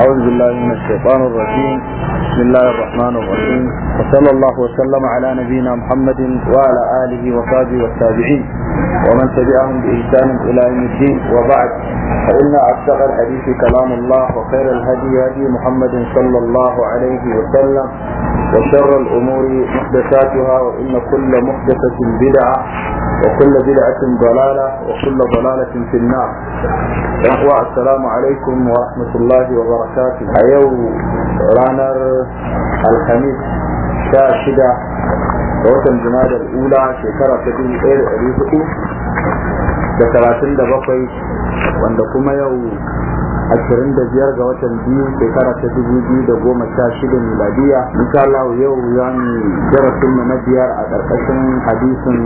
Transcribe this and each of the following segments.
أعوذ بالله من الشيطان الرجيم بسم الله الرحمن الرحيم وصلى الله وسلم على نبينا محمد وعلى آله وصحبه والتابعين ومن تبعهم بإحسان إلى يوم الدين وبعد فإن أصدق الحديث كلام الله وخير الهدي هدي محمد صلى الله عليه وسلم وشر الأمور محدثاتها وإن كل محدثة بدعة وكل بدعة ضلالة وكل ضلالة في النار إخوة السلام عليكم ورحمة الله وبركاته أيو رانر الخميس شاشدة وطن جمادة الأولى شكرا تدين إير أريكو da talatin da bakwai ashirin da biyar ga watan biyu shekara ta dubu biyu da goma sha miladiya insha yau ya ni darasin na biyar a ƙarƙashin hadisin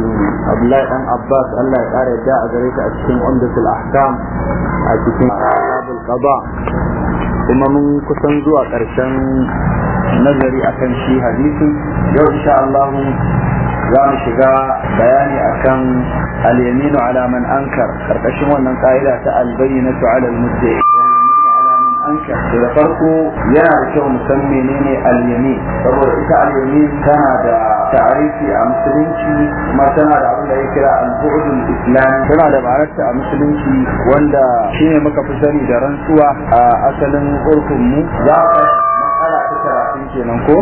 Abdullahi dan Abbas Allah ya ƙara yadda a gare ta a cikin Umdatul Ahkam a cikin Abul Qada kuma mun kusan zuwa ƙarshen nazari akan shi hadisin yau insha Allah za mu shiga bayani akan al-yaminu ala man ankar karkashin wannan ka'ida ta al-bayyinatu ala al anka da farko yana da kyau mu san menene al saboda ita al tana da ta'arifi a musulunci kuma tana da abin da ya kira al-bu'dul islam tana da ma'anarta a musulunci wanda shine muka fi sani da rantsuwa a asalin urfin mu za ka kenan ko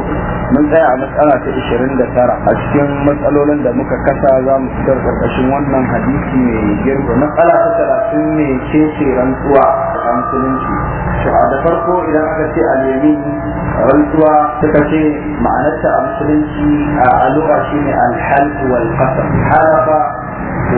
mun tsaya a matsala ta 29 a cikin matsalolin da muka kasa za mu fitar karkashin wannan hadisi mai girma matsala ta 30 ne ce ce rantsuwa a musulunci to da farko idan aka ce al-yamin rantsuwa suka ce ma'anarta a musulunci a lugha shine al-half wal qasam halafa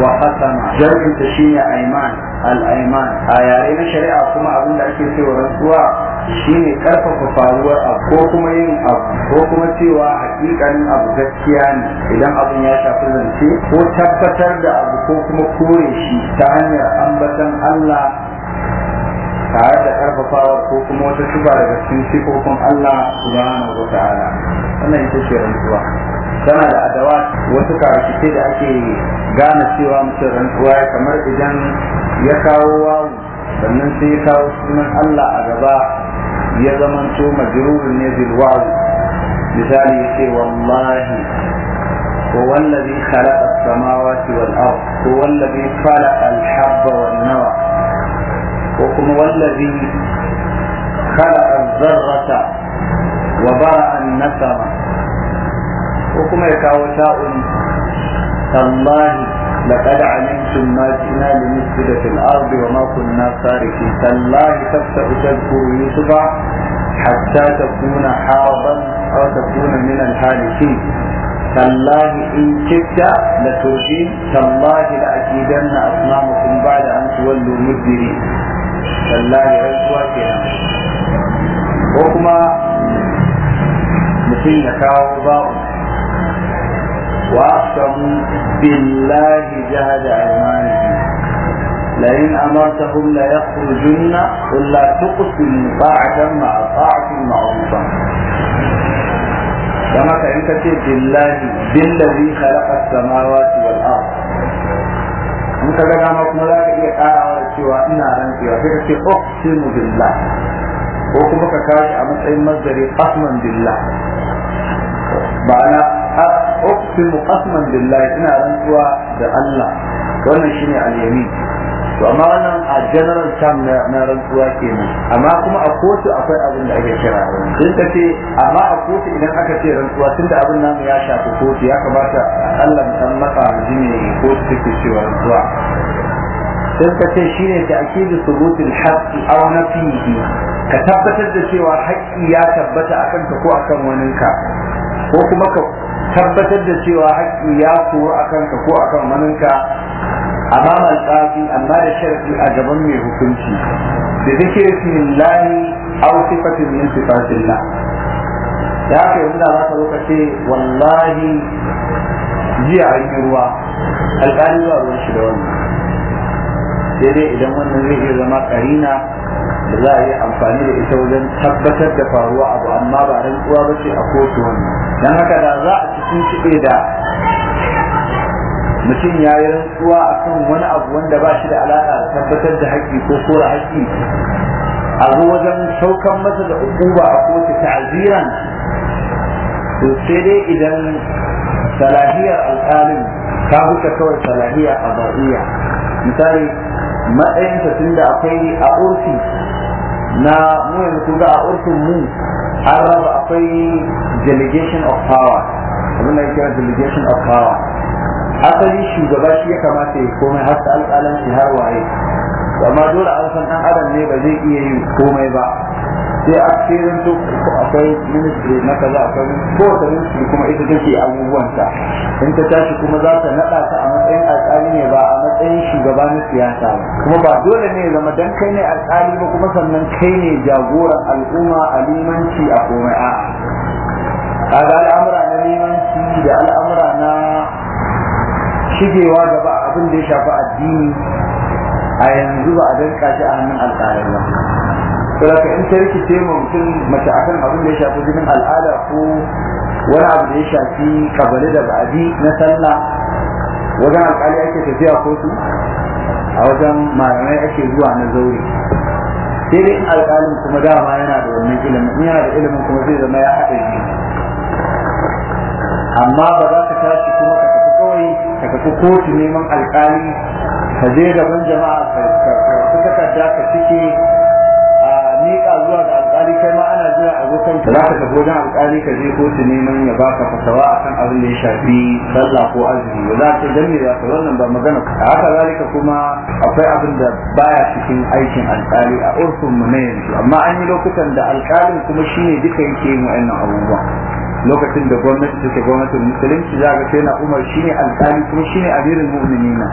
wa qasama jami'in ta shine ayman al-ayman a yare na shari'a kuma abin da ake cewa rantsuwa shine karfafa faruwar abu ko kuma yin abu ko kuma cewa hakikanin abu gaskiya ne idan abin ya shafi zance ko tabbatar da abu ko kuma kore shi ta hanyar ambatan Allah tare da karfafawar ko kuma wata shuba daga cikin sifofin Allah subhanahu wa ta'ala wannan ita ce rantsuwa tana da adawa wasu karkice da ake gane cewa mutum rantsuwa ya kamar idan ya kawo wawu sannan sai ya kawo sunan Allah a gaba ya zamanto majrur ne bil wa'd misali yake wallahi هو الذي خلق السماوات والأرض هو الذي خلق الحب والنوى هو الذي خلق الذرة وبرع النسمة هو كما يكاوتاء الله لقد علمتم ما جئنا لنفسد في الارض وما كنا سارقين تالله تفتأ تذكر يوسف حتى تكون حاضا او تكون من الهالكين تالله ان شئت لترجين تالله لاكيدن اصنامكم بعد ان تولوا مدبرين تالله عزوة وكما مثل كاو باؤ وأقسموا بالله جهد أيمانهم لئن أمرتهم ليخرجن قل لا تقسموا طاعة مع طاعة معروفة كما كانت بالله بالذي خلق السماوات والأرض أنت كذا ما كنا لك إيه قارة سوى إنا رنتي أقسم بالله وكما كاش بالله uqsimu qasman billahi ina rantsuwa da Allah wannan shine al-yamin to amma wannan a general term na rantsuwa kenan amma kuma a kotu akwai abin da ake kira sun ka ce amma a kotu idan aka ce rantsuwa tun da abin namu ya shafi kotu ya kamata Allah mutan maka jini kotu take cewa rantsuwa sun ka ce ne ta akidu subutul a wani fiye ka tabbatar da cewa haƙƙi ya tabbata akan ka ko akan waninka ko kuma ka tabbatar da cewa haƙƙi ya koru a kanka ko a kan maninka a mamal tsafi amma da sharafi a gaban mai hukunci da zikir fillahi aw sifatin min da haka yanzu da zaka zo wallahi jiya a yi ruwa alƙali ba ruwan shi da wannan sai dai idan wannan zai iya zama karina za a yi amfani da ita wajen tabbatar da faruwa abu amma ba rantsuwa ba ce a kotu wannan don haka da za a cikin kiɗe da mutum ya yi rantsuwa akan wani abu wanda ba shi da alaƙa da tabbatar da haƙƙi ko kora haƙƙi a zo wajen saukan masa da ukuba a kotu ta'aziran to sai dai idan salahiyar alƙalin ta huta kawai salahiya a misali matsayinsa tunda akwai a urfi na mu yanzu kun ga a urfin mu an raba akwai delegation of power abin ya kira delegation of power asali shugaba shi ya kamata ya komai har ta alƙalanci har waye amma dole an san ɗan adam ne ba zai iya yi komai ba sai a cikin ku akwai ministry na kaza ko ta ministry kuma ita take abubuwanta in ta tashi kuma za ta naɗa ta a matsayin alƙali ne ba a matsayin shugaba na siyasa kuma ba dole ne zama dan kai ne alƙali ba kuma sannan kai ne jagoran al'umma a limanci a komai a kaga al'amura na limanci da al'amura na shigewa gaba abin da ya shafi addini a yanzu ba a danka shi a hannun alƙalai ba saboda in ta rikice ma mutum mace akan abin da ya shafi jinin al'ada ko wani abu da ya shafi kabari da ba'adi na sallah wajen alƙali ake tafiya kotu a wajen malamai ake zuwa na zauri sai dai alƙalin kuma dama yana da wannan ilimin yana da ilimin kuma zai zama ya haɗa shi amma ba za ka tashi kuma ka tafi kawai ka tafi kotu neman alƙali ka je gaban jama'a ka takarda ka cike a zuwa ga alƙali kai ma ana zuwa a zo kanka za ka tafi wajen alƙali ka je kotu neman ya baka fatawa kan abin da ya shafi sallah ko azumi ba za ka dan za ka wannan ba magana a haka zalika kuma akwai abin da baya cikin aikin alƙali a urfin mu yanzu amma an yi lokutan da alƙalin kuma shine duka yake yin wa'annan abubuwa lokacin da gwamnati take gwamnatin musulunci za ga sai na umar shine alƙali kuma shine amirul mu'minina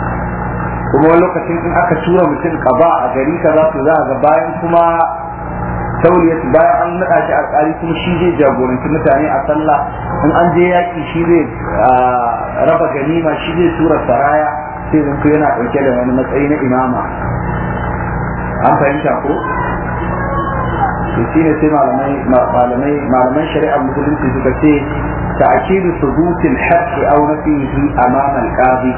kuma lokacin in aka tura mutum ba a gari ka to za ga bayan kuma tauliyat bayan an naɗa shi alƙali kuma shi zai jagoranci mutane a sallah in an je yaƙi shi zai raba ganima shi zai tura saraya sai yana ɗauke da wani matsayi na imama an fahimta ko to shi ne sai malamai malaman shari'a musulunci suka ce ta'kidu thubutil haqqi aw nafihi amama al-qadi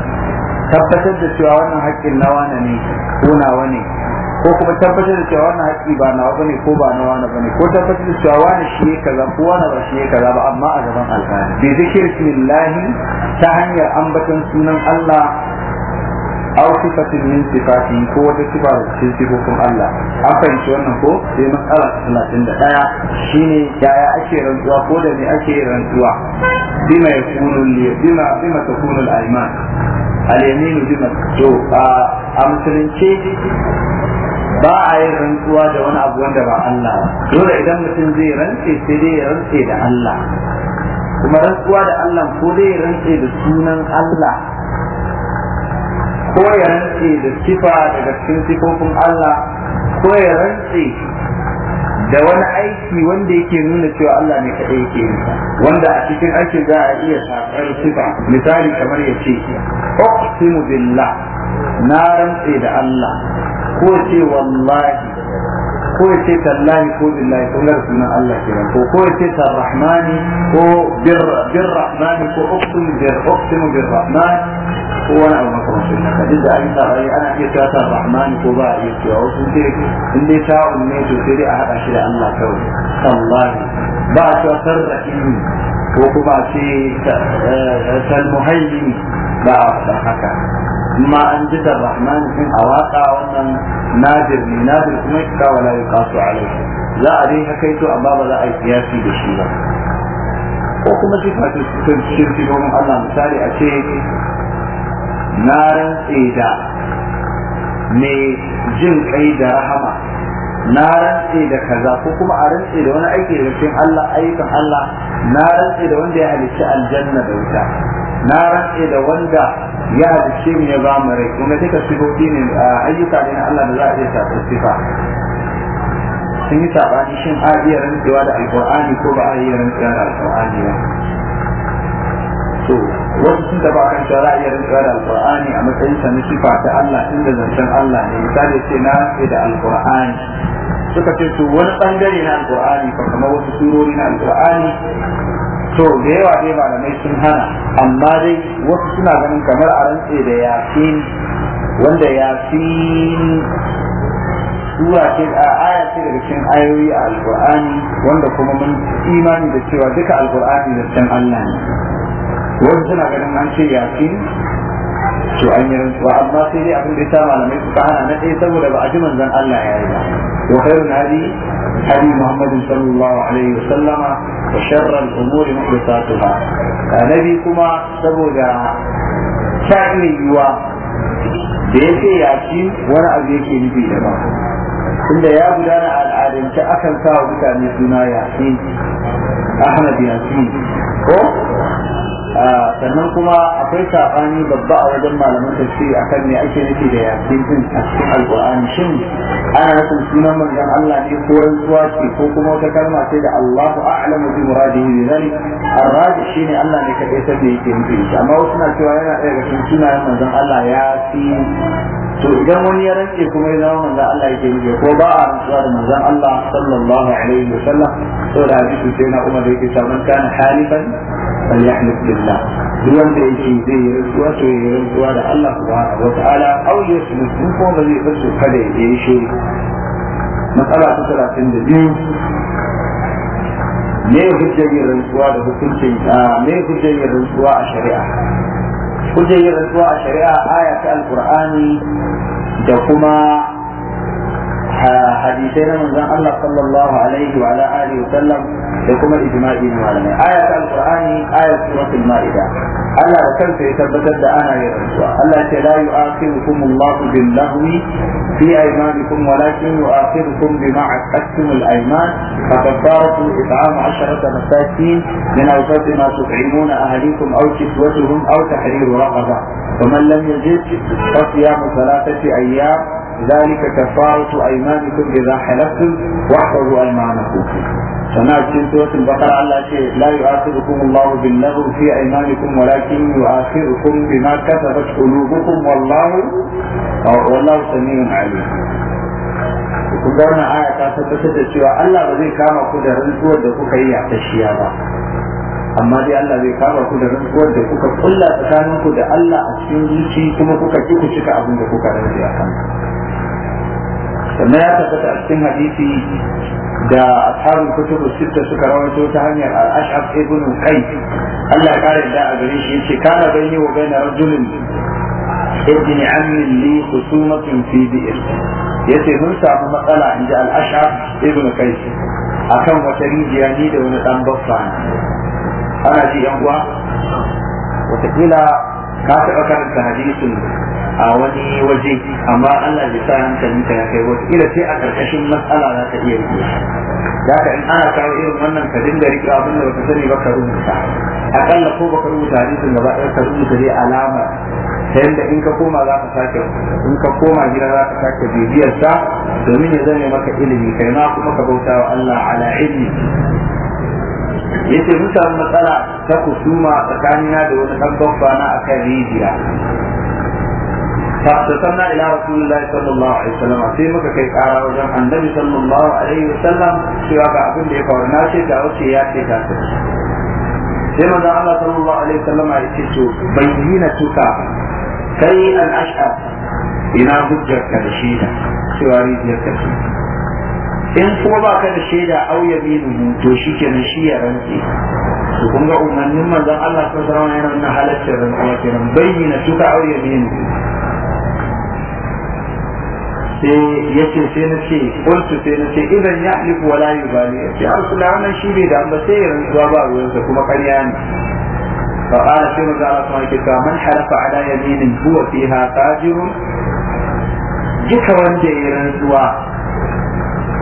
tabbatar da cewa wannan haƙƙin na wane ne ko nawa ne ko kuma tabbatar da cewa wannan haƙƙi ba nawa bane ko ba nawa na bane ko tabbatar da cewa wani shi ya kaza ko wani ba shi ya kaza ba amma a gaban alƙali bi zikir lillahi ta hanyar ambaton sunan Allah aw sifatin min sifati ko wata sifa da cikin sifofin Allah an fahimci wannan ko sai matsala ta talatin da ɗaya shine yaya ake rantsuwa ko da me ake rantsuwa bima yakunu bima bima takunu al-ayman al-yaminu bima to a musulunce ba a yi rantsuwa da wani abu wanda ba Allah dole idan mutum zai rantse sai dai ya rantse da Allah kuma rantsuwa da Allah ko dai ya rantse da sunan Allah ko ya rantse da sifa daga cikin sifofin Allah ko ya rantse da wani aiki wanda yake nuna cewa Allah ne kaɗai yake yi wanda a cikin aiki za a iya saƙar sifa misali kamar ya ce uqsimu billah na rantse da Allah ko ce wallahi ko ce tallahi ko billahi ko lar sunan Allah kenan ko ko ce tarrahmani ko birrahmani ko uqtum bir uqtum birrahman ko wani abu makamancin haka duk da an tsarai ana iya cewa tarrahmani ko ba a iya cewa wasu ce in dai ta'un ne to sai dai a haɗa shi da Allah kawai tallahi ba a cewa tarrahimi ko kuma a ce talmuhaimi ba a faɗa haka amma an ji da rahman din a waka wannan nadir ne nadir kuma ka wala yuqasu alaihi za a dai haka to ba za a yi siyasi da shi ba ko kuma sai misali a na jin kai da rahama na rantse da kaza ko kuma a rantse da wani aiki da cikin Allah ayyukan Allah na rantse da wanda ya halicci aljanna da wuta na rantse da wanda ya halicce mu ya ba rai kuma duka sifofi ne ayyuka ne na Allah da za a iya tafi sifa sun yi sabani shin a iya rantsewa da alkur'ani ko ba a iya rantsewa da alkur'ani ba to wasu sun taba kan shara iya rinka da alqur'ani a matsayin sa na sifa ta Allah inda zancen Allah ne misali ce na ce da alqur'ani suka ce to wani bangare na alqur'ani fa kamar wasu surori na alqur'ani to da yawa dai malamai sun hana amma dai wasu suna ganin kamar a rantse da yasin wanda yasin sura ce a aya ce daga cikin ayoyi a alqur'ani wanda kuma mun imani da cewa duka alqur'ani da Allah ne wasu suna ganin an ce yasin to an yi rantsuwa amma sai dai abin da ta malamai suka hana na ɗaya saboda ba a ji manzon Allah ya yi ba wa khairun hadi hadi Muhammadin sallallahu alaihi wa sallama wa sharral umuri muhdathatuha annabi kuma saboda sa'in yuwa da yake yaci wani abu yake nufi da ba tunda ya gudana al'adance akan kawo mutane suna yasin Ahmad Yasin ko Ah, sannan kuma akwai saɓani babba a wajen malaman tafsiri akan me ake nufi da yaƙi din a cikin alƙur'ani shin ana nufin sunan manzon Allah ne ko rantsuwa ce ko kuma wata kalma sai da Allahu a'lamu bi muradihi bi zalik arraji shine Allah ne kadai sai da yake nufi amma wasu na cewa yana ɗaya daga cikin sunayen manzon Allah ya fi to idan wani ya rantse kuma ya zama manzon Allah yake nufi ko ba a rantsuwa da manzon Allah sallallahu alaihi wa sallam saboda hadisi sai na Umar yake cewa man kana halifan فليحمد بالله بيوم بيجي زي رسوة رسوة me hujjar yin rantsuwa da hukuncin me hujjar yin rantsuwa a shari'a hujjar yin rantsuwa a shari'a aya ta alqur'ani da kuma hadisai na manzon Allah sallallahu alaihi wa ala alihi wa sallam da kuma ijma'i na malamai ayat al-qur'ani ayat suratul maida Allah da kansa ya tabbatar da ana yin rantsuwa Allah ya ce la yu'akhirukum Allah bil lahwi fi aymanikum walakin yu'akhirukum bima aqadtum al-ayman fa kafaratu it'am 10 masakin min awsat ma tut'imun ahlikum aw kiswatuhum aw tahriru raqaba faman lam yajid fa siyamu thalathati ayyam ذلك كفارة أيمانكم إذا حلفتم واحفظوا أيمانكم sana cikin suratul baqara Allah ce la yu'akhidukum Allahu bil lagwi fi aymanikum walakin yu'akhidukum bima kasabat qulubukum wallahu wallahu kun ga wannan aya ta tabbatar da cewa Allah ba zai kama ku da rantsuwar da kuka yi a tashiya ba amma dai Allah zai kama ku da rantsuwar da kuka kulla tsakanin ku da Allah a cikin zuci kuma kuka ki ku cika abin da kuka rantsa a kanka sannan ya tabbata a cikin hadisi da kutu kutubu sitta suka rawato ta hanyar Al'ashar Ibnu Kai? Allah ya da a gare shi yace kana bayni wa bayna rajulin ibn ammi li khusumatun fi bi'r yace mun samu matsala inda Al'ashar Ibnu Kai. qais akan wata rijiya ni da wani dan baffa ana ji yan uwa wataƙila ka taɓa karanta hadisin a wani waje amma Allah bai sa hankali ka ya kai wasu, ila sai a ƙarƙashin matsala za ka iya rike da ka in ana kawo irin wannan ka dinga rike abin da baka sani ba ka rubuta akalla ko baka rubuta hadisin gaba ɗaya ka rubuta dai alama ta yadda in ka koma za ka sake in ka koma gida za ka sake bibiyar sa domin ya zame maka ilimi kai ma kuma ka bauta wa Allah ala ilmi yace mun samu matsala ta kusuma tsakanina da wani dan babba na akan rijiya فاختصرنا ta na ila صلى sallallahu alaihi وسلم sai muka kai kara wajen annabi sallallahu alaihi wasallam cewa ga abin da ya faru na ce ta wuce ya ce ta ce sai manzo Allah sallallahu alaihi wasallam ya ce to bayyana tuka kai al ashab ina hujjar karshe da cewa rijiyar ce in kuma ba ka da shaida au ya minu to shi kenan shi ya rantse to kun ga umarnin manzon Allah sallallahu alaihi wasallam yana na halaccin rantsuwa kenan bayyana tuka au ya minu sai ya ce sai na ce kultu sai na ce idan ya alifu wala yi ne ya ce arsu da nan shi bai da amma sai ya rantsuwa ba ruwansa kuma karya ne فقال شنو قال صلى من حلف على يمين هو فيها تاجر duka wanda ya rantsuwa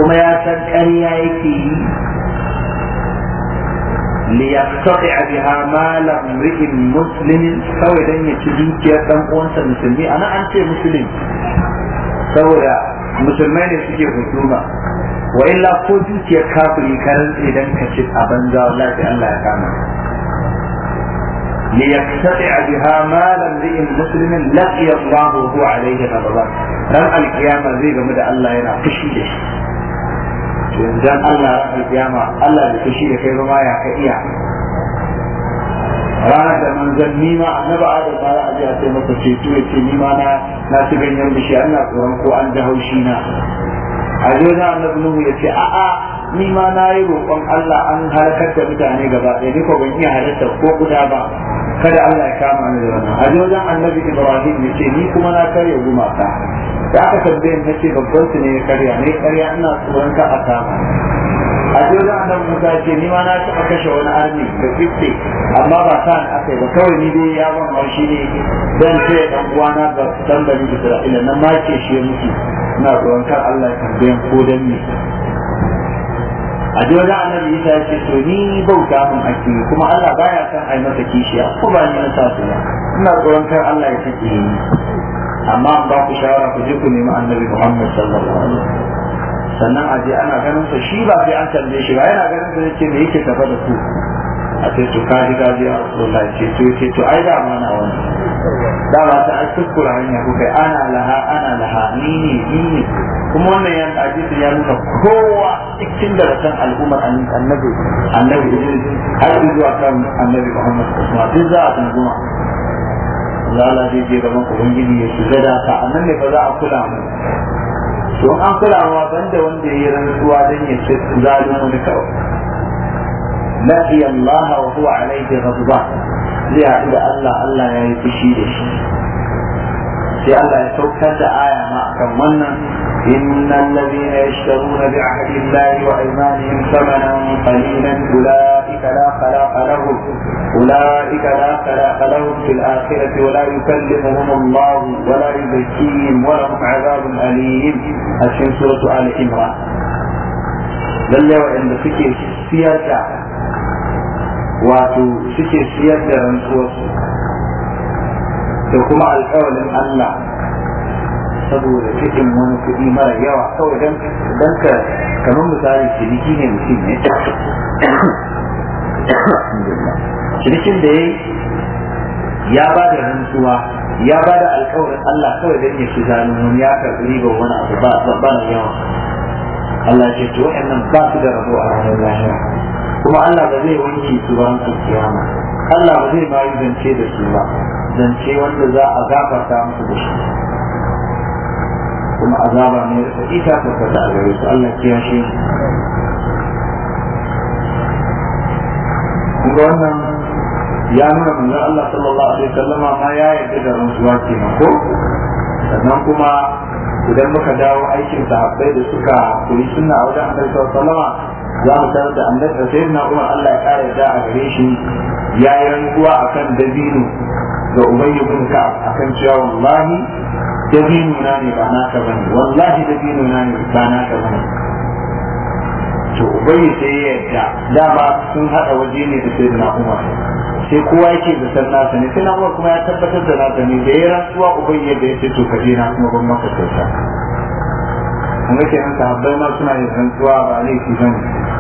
kuma ya san ƙarya yake yi liyastati biha malam ri'in muslimin kawai dan ya ci dukiyar dan uwansa musulmi ana an ce musulmi saboda musulmai ne suke hukuma wa illa ko dukiyar kafiri karan idan ka ci a banza wallahi Allah ya kama liyastati biha malam ri'in muslimin laqiya Allah hu alayhi ghadaban Dan alkiyama zai gamu da Allah yana fushi da shi dan Allah ya kiyama Allah da shi da kai ba ya ka iya ranar da manzan nima annaba adam ba za a je sai masa ceto ya ce nima na na ci ganyen bishi Allah tsoron ko an da haushi na a je na annabi nuhu ya ce a'a nima na yi roƙon Allah an halakar da mutane gaba ɗaya ni ko ban iya halatta ko guda ba kada Allah ya kama ni da wannan a je wajen annabi Ibrahim ya ce ni kuma na karya gumaka da aka tambaye na ce babban su ne karya ne karya ina tsoron ka a kama a jirgin annabi musa ce ni ma na taɓa kashe wani arni da fifte amma ba sa ni aka yi ba kawai ni dai ya ban haushi ne dan ce ɗan uwana ba su san bani isra'ila na ma shi ya mutu ina tsoron allah ya tambaye ko dan me a ji wajen annabi isa ya ce to ni bauta mun ake kuma Allah baya son a yi masa kishiya ko ba ni na sa su ina tsoron Allah ya sake yi. amma ba ku shawara ku je ku nemi annabi Muhammad sallallahu alaihi wasallam sannan a je ana ganin sa shi ba sai an tambaye shi ba yana ganin sa yace me yake tafa da ku a ce to ka ji gaji a Rasulullah ce to ce to ai da ma na wani da ba ta ai kuskura hanya ku kai ana laha ana laha ni ne ni ne kuma wannan ya hadisi ya nuna kowa cikin da san al'umma annabi annabi har zuwa kan annabi Muhammad sallallahu alaihi wasallam duk za a tunguma Allah zai je gaban ubangiji ya shiga da ka annan ne ba za a kula mu don an kula ma banda wanda ya rantsuwa dan ya ce zalimu ne kawai lafi Allah wa huwa alaihi ghadban zai haɗu da Allah Allah ya yi fushi da shi sai Allah ya saukar da aya ma akan wannan Inna إن الذين يشترون بعهد الله وأيمانهم ثمنا قليلا أولئك أولئك لا خلاق لهم أولئك لا خلاق لهم في الآخرة ولا يكلمهم الله ولا يزكيهم ولهم عذاب أليم أشهر سورة آل عمران lallai waɗanda suke siyar da wato suke siyar da rantsuwarsu da kuma alƙawalin Allah saboda cikin wani kuɗi mara yawa kawai don ka kamar misali ciniki ne mutum ne shirikin da ya ya ba da rantsuwa ya ba da alkawarin Allah kawai don ya shiga nun ya karɓi ribar wani abu ba ba na yawa Allah ce to wa'annan ba su da rabo a ranar lahira kuma Allah ba zai wanke su ba ranar kiyama Allah ba zai ma zance da su ba zance wanda za a gafarta musu da shi kuma azaba ne da ita ta fata a gare su Allah kiyashe kuma wannan ya nuna manzo Allah sallallahu alaihi wasallama ma ya yarda da rantsuwa kenan ko sannan kuma idan muka dawo aikin sahabbai da suka kuri sunna a wajen annabi sallallahu za mu tarar da annabi da sayyidina Umar Allah ya kare da a gare shi ya yi rantsuwa akan dabino ga Ubay ibn Ka'ab akan cewa wallahi dabino na ne ba na naka bane wallahi dabino na ne ba na naka bane to bai sai yadda dama sun hada waje ne da sai na kuma sai kowa yake da san nasa ne sai na kuma ya tabbatar da nasa ne da ya rantsuwa ubayi yadda ya ce to ka na kuma ban maka kyauta kuma kenan sahabbai ma suna yin rantsuwa ba laifi bane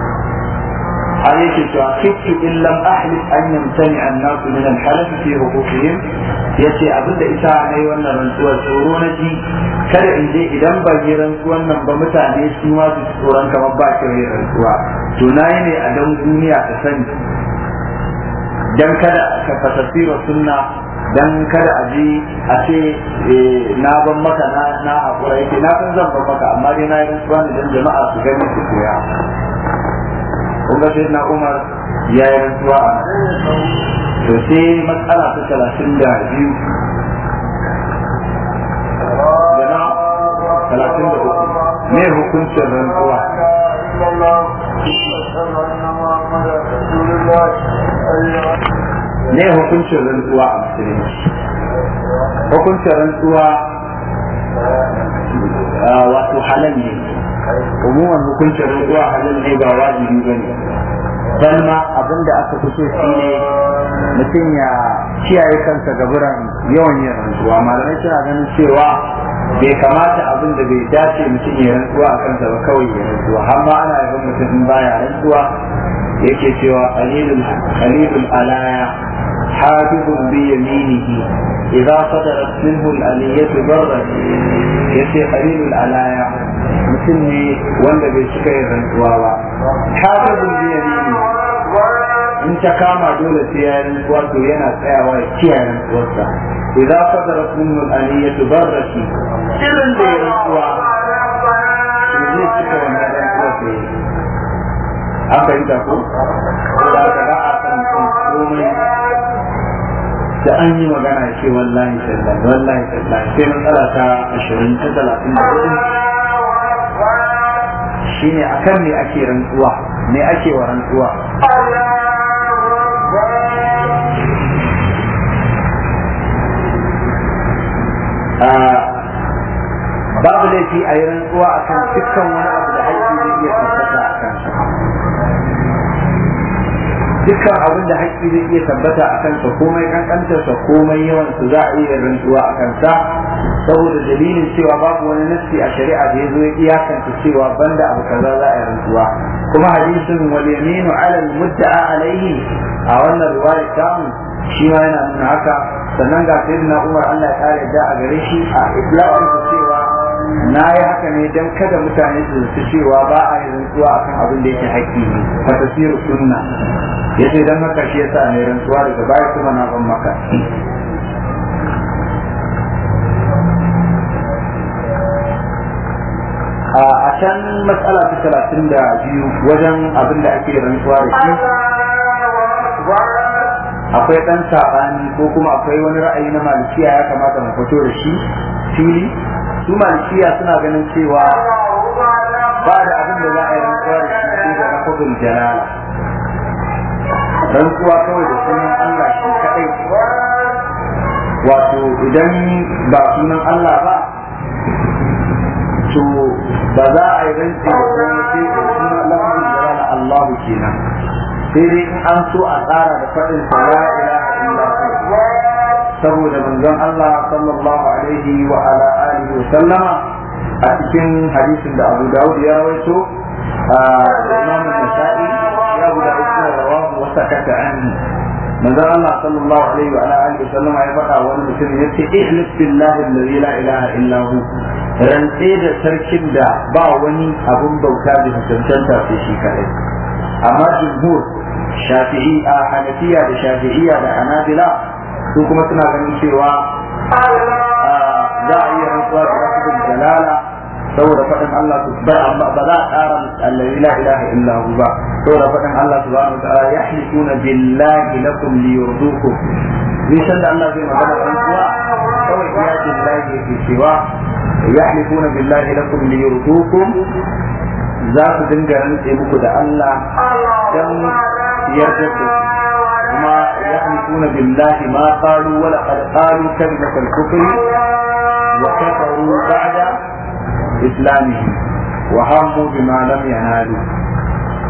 عليك خفت إن لم أحلف أن يمتنع الناس من الحلف في حقوقهم ita أبدا إساء علي tsoro na ji kada in je idan ban yi nan ba mutane su ma su tsoron kamar ba yi rantsuwa to na yi ne a dan duniya ta sani dan kada ka fasasira sunna dan kada a ji a ce na ban na na yake na san zan ban maka amma dai na yi rantsuwa ne dan jama'a su gani su koya kuma sai na umar ya yi rantsuwa to sai matsala ta talatin da biyu da na talatin da uku ne hukuncin rantsuwa ne hukuncin rantsuwa a musulunci hukuncin rantsuwa wato halal ne umuman hukuncin rantsuwa halin ne ba wajibi ba ne dan ma abinda aka fi so ne, mutum ya kiyaye kansa buran yawan yin rantsuwa malamai suna ganin cewa bai kamata abin da bai dace mutum ya rantsuwa a kansa ba kawai ya rantsuwa har ma ana yaban mutum in baya rantsuwa yake cewa alilul alaya bi yaminihi إذا صدرت minhu الألية barra يسير alilul alaya mutum ne wanda bai cika yin rantsuwa ba hafizun biya ne in ta kama dole sai ya rantsuwa to yana tsayawa ya kiyaye rantsuwarsa idan fadara kunnul aliyatu barraki irin da ya rantsuwa zai cika wannan rantsuwa da yi an fahimta ko da ka ba a san komai da an yi magana ce wallahi sallah wallahi sallah sai matsala ta ashirin ta talatin da hudu shine akan me ake rantsuwa me ake wa rantsuwa ah, babu laifi a yi rantsuwa akan dukkan wani abu da haƙƙi zai iya tabbata a kansa dukkan abin da haƙƙi zai iya tabbata a kansa komai kankantarsa komai yawansa za a iya rantsuwa a kansa saboda dalilin cewa babu wani nassi a shari'a da ya zo ya kanta cewa banda abu kaza za a yi rantsuwa kuma hadisin wal yaminu ala al mudda'a alayhi a wannan riwaya ta shi ma yana nuna haka sannan ga sayyidina Umar Allah ya kare da a gare shi a islamin cewa na yi haka ne don kada mutane su su cewa ba a yi rantsuwa akan abin da yake haƙƙi ne fa tasiru sunna yace dan haka shi yasa ne rantsuwa daga baya kuma na ban maka can matsala ta talatin da biyu wajen abin da ake rantsuwa da shi akwai ɗan saɓani ko kuma akwai wani ra'ayi na malikiya ya kamata mu fito da shi fili su malikiya suna ganin cewa ba da abin da za a yi rantsuwa da shi sai da rafabin jalala rantsuwa kawai da sunan Allah shi kadai, wato idan ba sunan Allah ba to ba za a yi rinci da kuma sai da suna lamarin da rana Allah kenan sai dai in an so a tsara da faɗin sa la ilaha illa saboda manzon Allah sallallahu alaihi wa ala alihi wa sallama a cikin hadisin da Abu Dawud ya rawaito a Imam Nasa'i ya Abu Dawud ya rawahu wa sakata anhu manzon Allah sallallahu alaihi wa ala alihi wa sallama ya faɗa wani mutum yace ihlif billahi alladhi la ilaha illa hu rantse da sarkin da ba wani abun bauta da cancanta sai shi kaɗai amma jumhur shafi'i a hanafiya da shafi'iya da hanabila su kuma suna ganin cewa za a iya rantsuwa da lafazin jalala saboda faɗin Allah su ba ba za a ƙara allazi la ilaha illa hu ba saboda faɗin Allah subhanahu wa ta'ala yahlifuna billahi lakum liyurdukum san da Allah zai magana rantsuwa kawai iya billahi yake cewa yahlifuna billahi lakum liyurdukum za su dinga rantse muku da Allah dan yarda ku kuma yahlifuna billahi ma qalu wa laqad qalu kalimata al-kufr wa kafaru ba'da islamihim wa hammu bima lam yanalu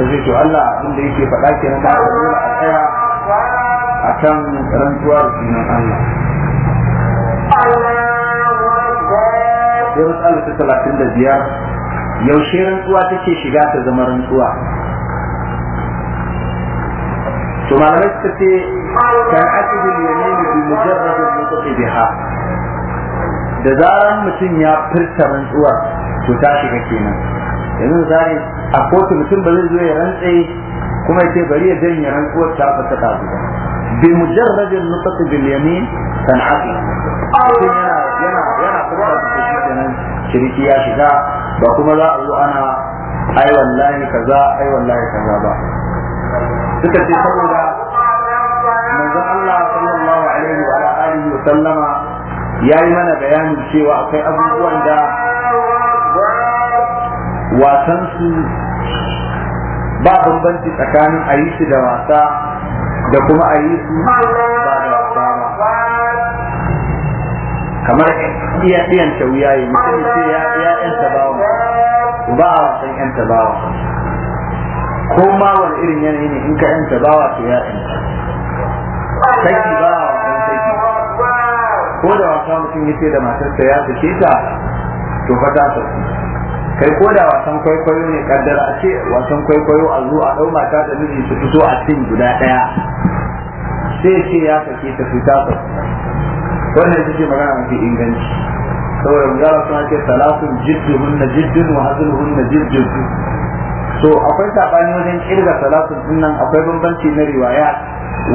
sai to Allah abin da yake faɗa kenan a tsaya akan rantsuwar sunan Allah sai matsala ta talatin da biyar yaushe rantsuwa take shiga ta zama rantsuwa to malamai suka ce kan asibi yamini bi mujarrad al-nutqi biha da zaran mutum ya furta rantsuwa to ta shiga kenan yanzu misali a kotu mutum ba zai zo ya rantse kuma yace bari ya janye rantsuwar ta fata ta bi mujarrad al-nutqi bil yamin kan asibi ciniki ya shiga ba kuma za a zo ana ai wallahi kaza ai wallahi kaza ba suka ce saboda manzon Allah sallallahu alaihi wa alihi wa sallama yayi mana bayanin cewa akwai abubuwan da wasan su ba bambanci tsakanin ayi shi da wasa da kuma ayi su kamar iya iya ta wuya yi mutum ce ya iya yan tabawa ba a san yan tabawa ko ma wani irin yanayi ne in ka yan tabawa ta ya yan saki ba a wasan saki ko da wasa mutum ya ce da ta ya sake ta to fa ta saki kai ko da wasan kwaikwayo ne kaddar a ce wasan kwaikwayo a zo a ɗau mata da miji su fito a cin guda ɗaya sai ce ya sake ta fita saki wannan ita ce magana mafi inganci saboda mu gara suna ce salatun jiddun na jiddun wa hazluhun na jiddun so akwai sabani wajen kirga salatun dinnan akwai bambanci na riwaya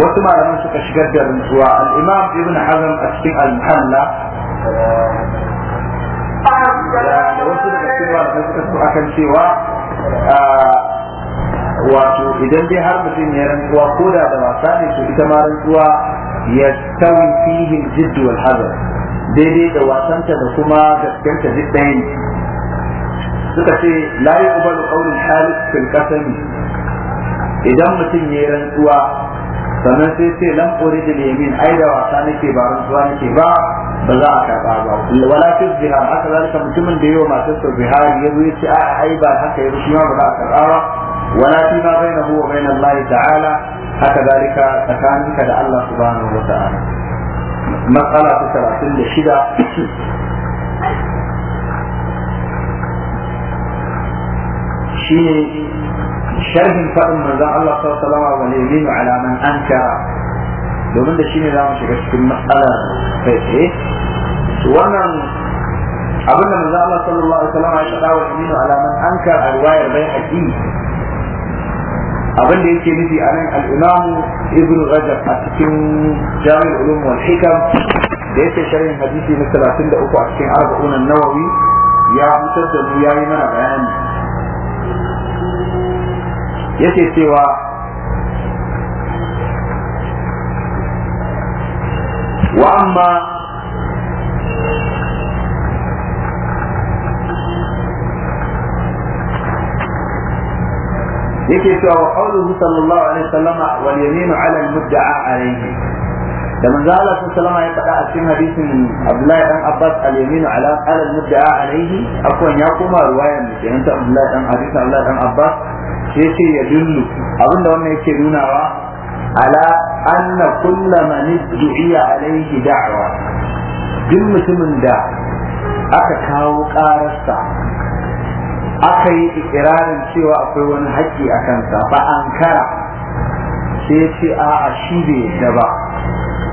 wasu malaman suka shigar da rantsuwa al ibn hazm a cikin al-muhalla da wasu daga cikin malaman suka so akan cewa wato idan dai har mutum ya rantsuwa ko da da wasa ne su ita ma rantsuwa Ya fihi al-jidd wal daidai da wasanta da kuma gaskanta duk ɗaya ne suka ce la yuqbalu qawlu al-halif fil idan mutum ya rantsuwa sannan sai sai lam urid al-yamin ai da wasa nake ba rantsuwa nake ba ba za a karɓa ba wala fi zihar haka zalika mutumin da yawa ya zo ai ba haka ya zo ba wala fi ma bainahu wa bain ta'ala هكذلك تكانك لله سبحانه وتعالى مسألة ثلاثين لشدة شيء شرح فرم من ذا الله صلى الله عليه وسلم ولي على من أنكر ومن ذا شيء لا مش بس في المسألة إيه وانا أبنا من ذا الله صلى الله عليه وسلم ولي على من أنكر الواير بين حديث abin da yake nufi a nan al'imam ibn rajab a cikin jami'ul ulum wal hikam da yake sharhin hadisi na 33 a cikin arba'un nawawi ya hutar da mu yayi mana bayani yake cewa wa amma yake cewa wa qawluhu sallallahu alaihi wasallam wal yaminu ala al mudda'a alayhi da manzo Allah sallallahu alaihi ya faɗa a cikin hadisin Abdullahi dan Abbas al yaminu ala al mudda'a alayhi akwai ya koma ruwayan da kenan ta Abdullahi dan hadisin Abdullahi dan Abbas yace ya dullu abinda wannan yake nunawa ala anna kullu man du'iya alayhi da'wa duk mutumin da aka kawo ƙararsa aka yi ikirarin cewa akwai wani haƙƙi a kansa ba an kara sai ya ce a a shi bai yadda ba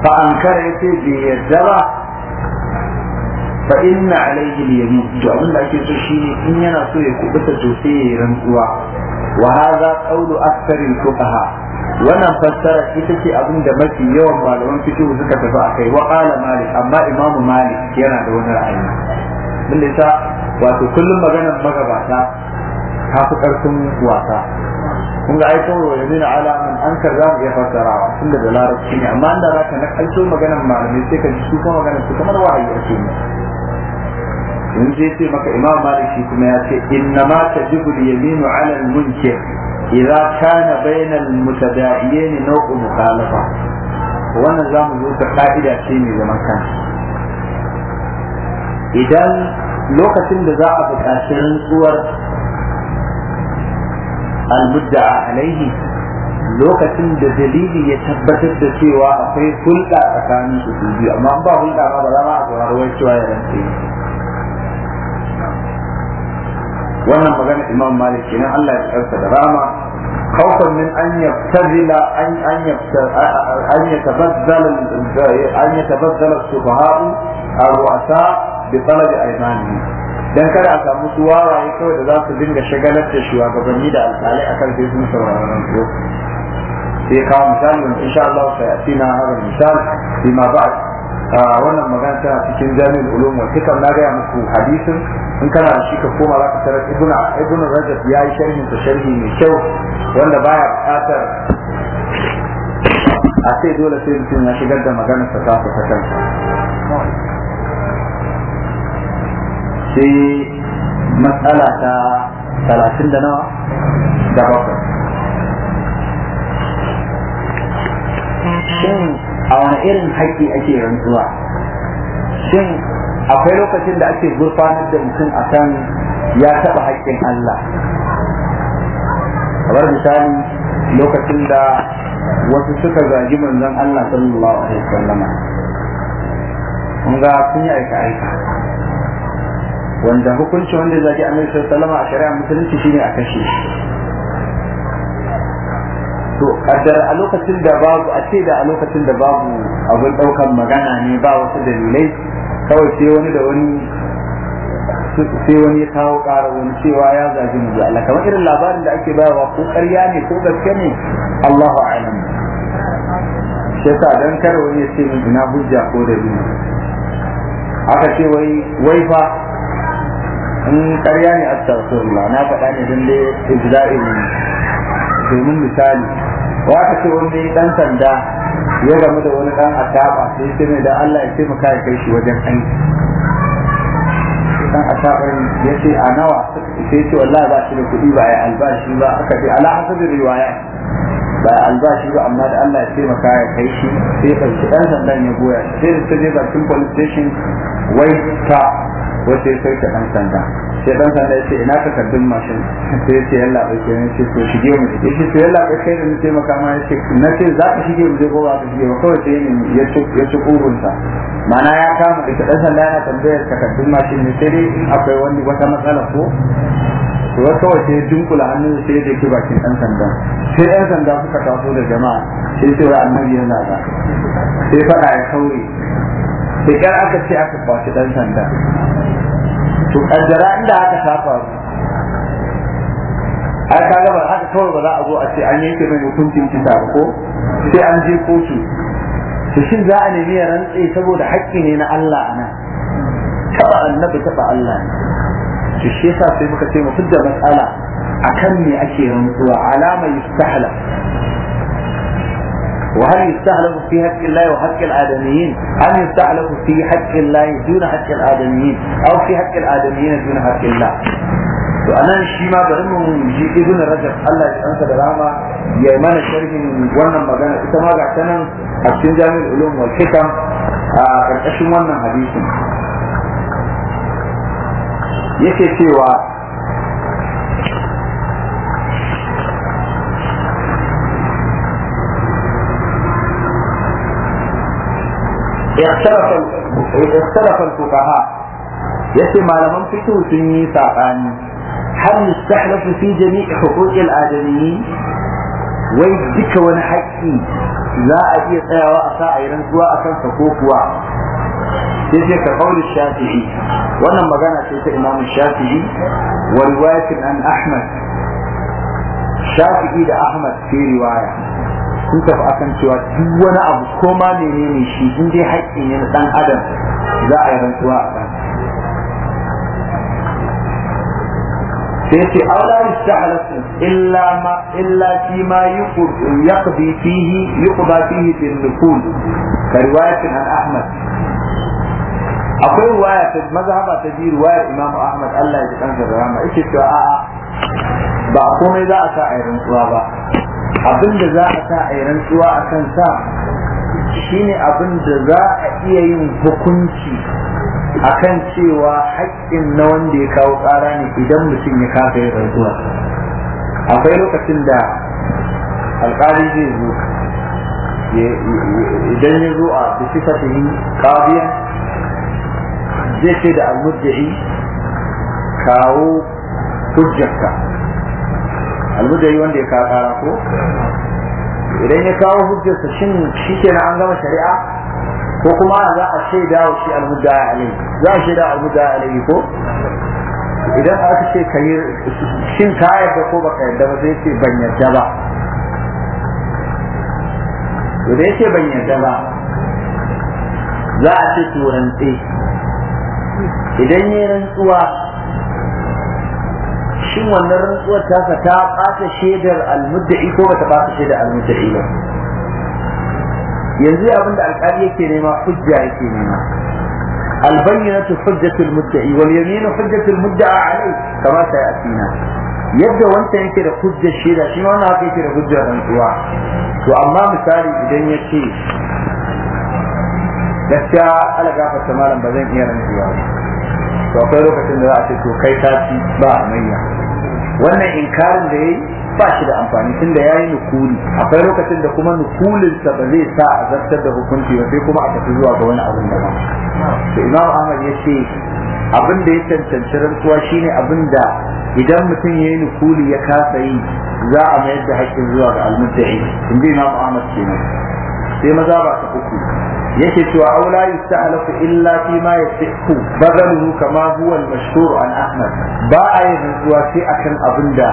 ba an kara ya ce bai yadda ba fa inna alaihi yamin to abin da ake so shi ne in yana so ya kubuta to sai ya yi rantsuwa wa hadha qawlu aktharil fuqaha wannan fassara ita ce abin da mafi yawan malaman fiqh suka tafi akai wa qala malik amma imamu malik yana da wani ra'ayi bin wato kullum maganar magabata ta fi ƙarfin wasa kun ga aiko ya nuna ala man an karza ya fassarawa tun da larabci ne amma inda zaka na kalso maganar malamai sai ka ji su kuma maganar su kamar wahayi ake ne in je ce maka imam maliki kuma ya ce inna ma tajibu yaminu ala al-munkir idza kana bayna al-mutada'iyin naw'u mukhalafa wannan zamu zo ta ka'ida ce mai zaman kanta idan lokacin da za a buƙaci rantsuwar al-mudda'a alaihi lokacin da dalili ya tabbatar da cewa akwai hulɗa tsakanin su biyu amma ba hulɗa ba za ma a tsoron cewa ya rantse wannan magana imam malik kenan Allah ya karsa da rama خوفا من an يبتذل ان ان ان يتبذل ان يتبذل السفهاء الرؤساء bi talabi aymanihi dan kada a samu su wawaye kawai da za su dinga shagalar da shugabanni da alƙalai akan sai sun sauraron su sai kawo misali wanda insha Allah sai a tina hada misal bima wannan magana tana cikin jami'in ulum wa na ga muku hadisin in kana da shi ka koma za ka tarar Ibn ibnu rajab ya yi sharhin sa sharhi mai kyau wanda baya buƙatar a sai dole sai mutum ya shigar da maganar sa ta sai matsala ta talatin da nawa da bakwai shin a wani irin haƙƙi ake rantsuwa shin akwai lokacin da ake gurfanar da mutum a kan ya taɓa haƙƙin Allah kamar misali lokacin da wasu suka zagi manzon Allah sallallahu alaihi wasallama kun ga sun yi aika aika wanda hukunci wanda zaki a sallallahu alaihi a shari'a musulunci shine a kashe to a lokacin da babu a ce da a lokacin da babu abin daukan magana ne ba wasu dalilai kawai sai wani da wani sai wani ya kawo ƙara wani cewa ya zagi mu Allah kamar irin labarin da ake bayarwa ko ƙarya ne ko gaske ne Allahu a'lam shi yasa dan kar wani ya ce min ina hujja ko dalili aka ce wai wai fa in ƙarya ne astaghfirullah na faɗa ne don dai ne domin misali wa ka ce wani ɗan sanda ya gamu da wani ɗan asaba sai ce mai da Allah ya taimaka ya kai shi wajen aiki dan asabar ya ce a nawa sai ce wala ba shi da kuɗi ba ya albashi ba aka ce ala hasabin riwaya ba albashi ba amma da Allah ya taimaka ya kai shi sai ya ɗan sandan ya goya sai da ta je bakin police station wai ta wacce ya sauke dan sanda sai ɗan sanda ya ce ina takardun mashin sai ya ce yalla ba ke ya ce to shige mu ya ce to yalla bai kai da mu taimaka ma ya ce na ce za ka shige mu je ko ba ka shige ba kawai sai ya ce ya ci kurunsa ma'ana ya kama da ɗan sanda yana tambayar takardun mashin ne sai dai akwai wani wata matsala ko to kawai sai dunkula hannun sai da ke bakin ɗan sanda sai dan sanda suka taso da jama'a sai sai wa annabi yana da sai faɗa ya kauri Sai kyar aka ce aka kwaci dan sanda to kaddara inda aka safa ai kaga ba haka kawai ba za a zo a ce an yanke mai hukuncin kisa ko sai an je kotu to shin za a nemi ya rantse saboda haƙƙi ne na Allah a anan taba annabi taba Allah to shi yasa sai muka ce mu fidda matsala akan me ake rantsuwa alama yustahla وهل يستعلق في حق الله وحق الآدميين هل يستعلق في حق الله دون حق الآدميين أو في حق الآدميين دون حق الله وأنا شيء ما بعلمه جي إذن رجل حلا يسأنك دراما يأمان الشريف من جوانا مغانا إذا ما قعتنا أبتن جامل العلوم والحكم أشمونا آه، حديثنا يكي سيوا اختلف الفقهاء يسمى ما لم انفتوا في هل يستحلف في جميع حقوق الادميين ويجدك ونحكي لا اجي سيوا اسا ايران سوا اكن فكوكوا يسي كقول الشافعي ولما كان سيد امام الشافعي ورواية أن احمد الشافعي لاحمد في روايه sun tafi akan cewa duk wani abu ko ma ne shi in dai haƙƙi ne na ɗan adam za a yi rantsuwa a kan sai ce aula yastahalasu illa ma illa fi ma yaqdi fihi yuqda fihi bil nukul riwayatin an ahmad akwai riwaya ta mazhaba ta bi riwaya imamu ahmad Allah ya ji kansa da rahama yake cewa a'a ba komai za a sa a yi rantsuwa ba abin da za a sa a yi rantsuwa a kan sa, shi ne abin da za a iya yin hukunci a kan cewa haƙƙin na wanda ya kawo ƙara ne idan mutum ya kafa yin rantsuwa akwai lokacin da alƙali zai zo idan ya zo a bisifatihi ƙabiyan zai ce da almujjahi kawo hujjarka almudari wanda ya kawo kara ko idan ya kawo hujjarsa shin shi na an gama shari'a ko kuma za a shaida wa shi almudari alaihi za a shaida almudari alaihi ko idan aka ce ka shin ka yarda ko baka yarda ba zai ce ban yarda ba idan ya ce ban yarda ba za a ce turanci idan idan yi rantsuwa shin wannan rantsuwar ta ka ta ɓata shedar almudda'i ko ba ta ɓata shedar almudda'i ba yanzu abinda alƙali yake nema hujja yake nema albayyinatu البينة حجة المدعي واليمين حجة المدعى عليه كما سيأتينا yadda wanda yake da hujja shaida shi wannan haka yake da hujjar rantsuwa to amma misali idan yake ce gaskiya ala fa malam bazan iya rantsuwa to akwai lokacin da za a ce to kai ta ci ba amayya wannan inkarin da yayi ba shi da amfani tunda yi nukuli akwai lokacin da kuma nukulinsa ba zai sa a zartar da hukunci ba sai kuma a tafi zuwa ga wani abin da ba to imam ahmad ce abin da ya cancanci rantsuwa shine abin da idan mutum yayi nukuli ya kasa yi za a mayar da haƙƙin zuwa ga almudda'i inda imam ahmad kenan sai maza ba ta uku yake cewa aula yustahlaku illa fi ma yasihu badaluhu kama huwa al-mashhur an ahmad ba a yin rantsuwa sai akan abin da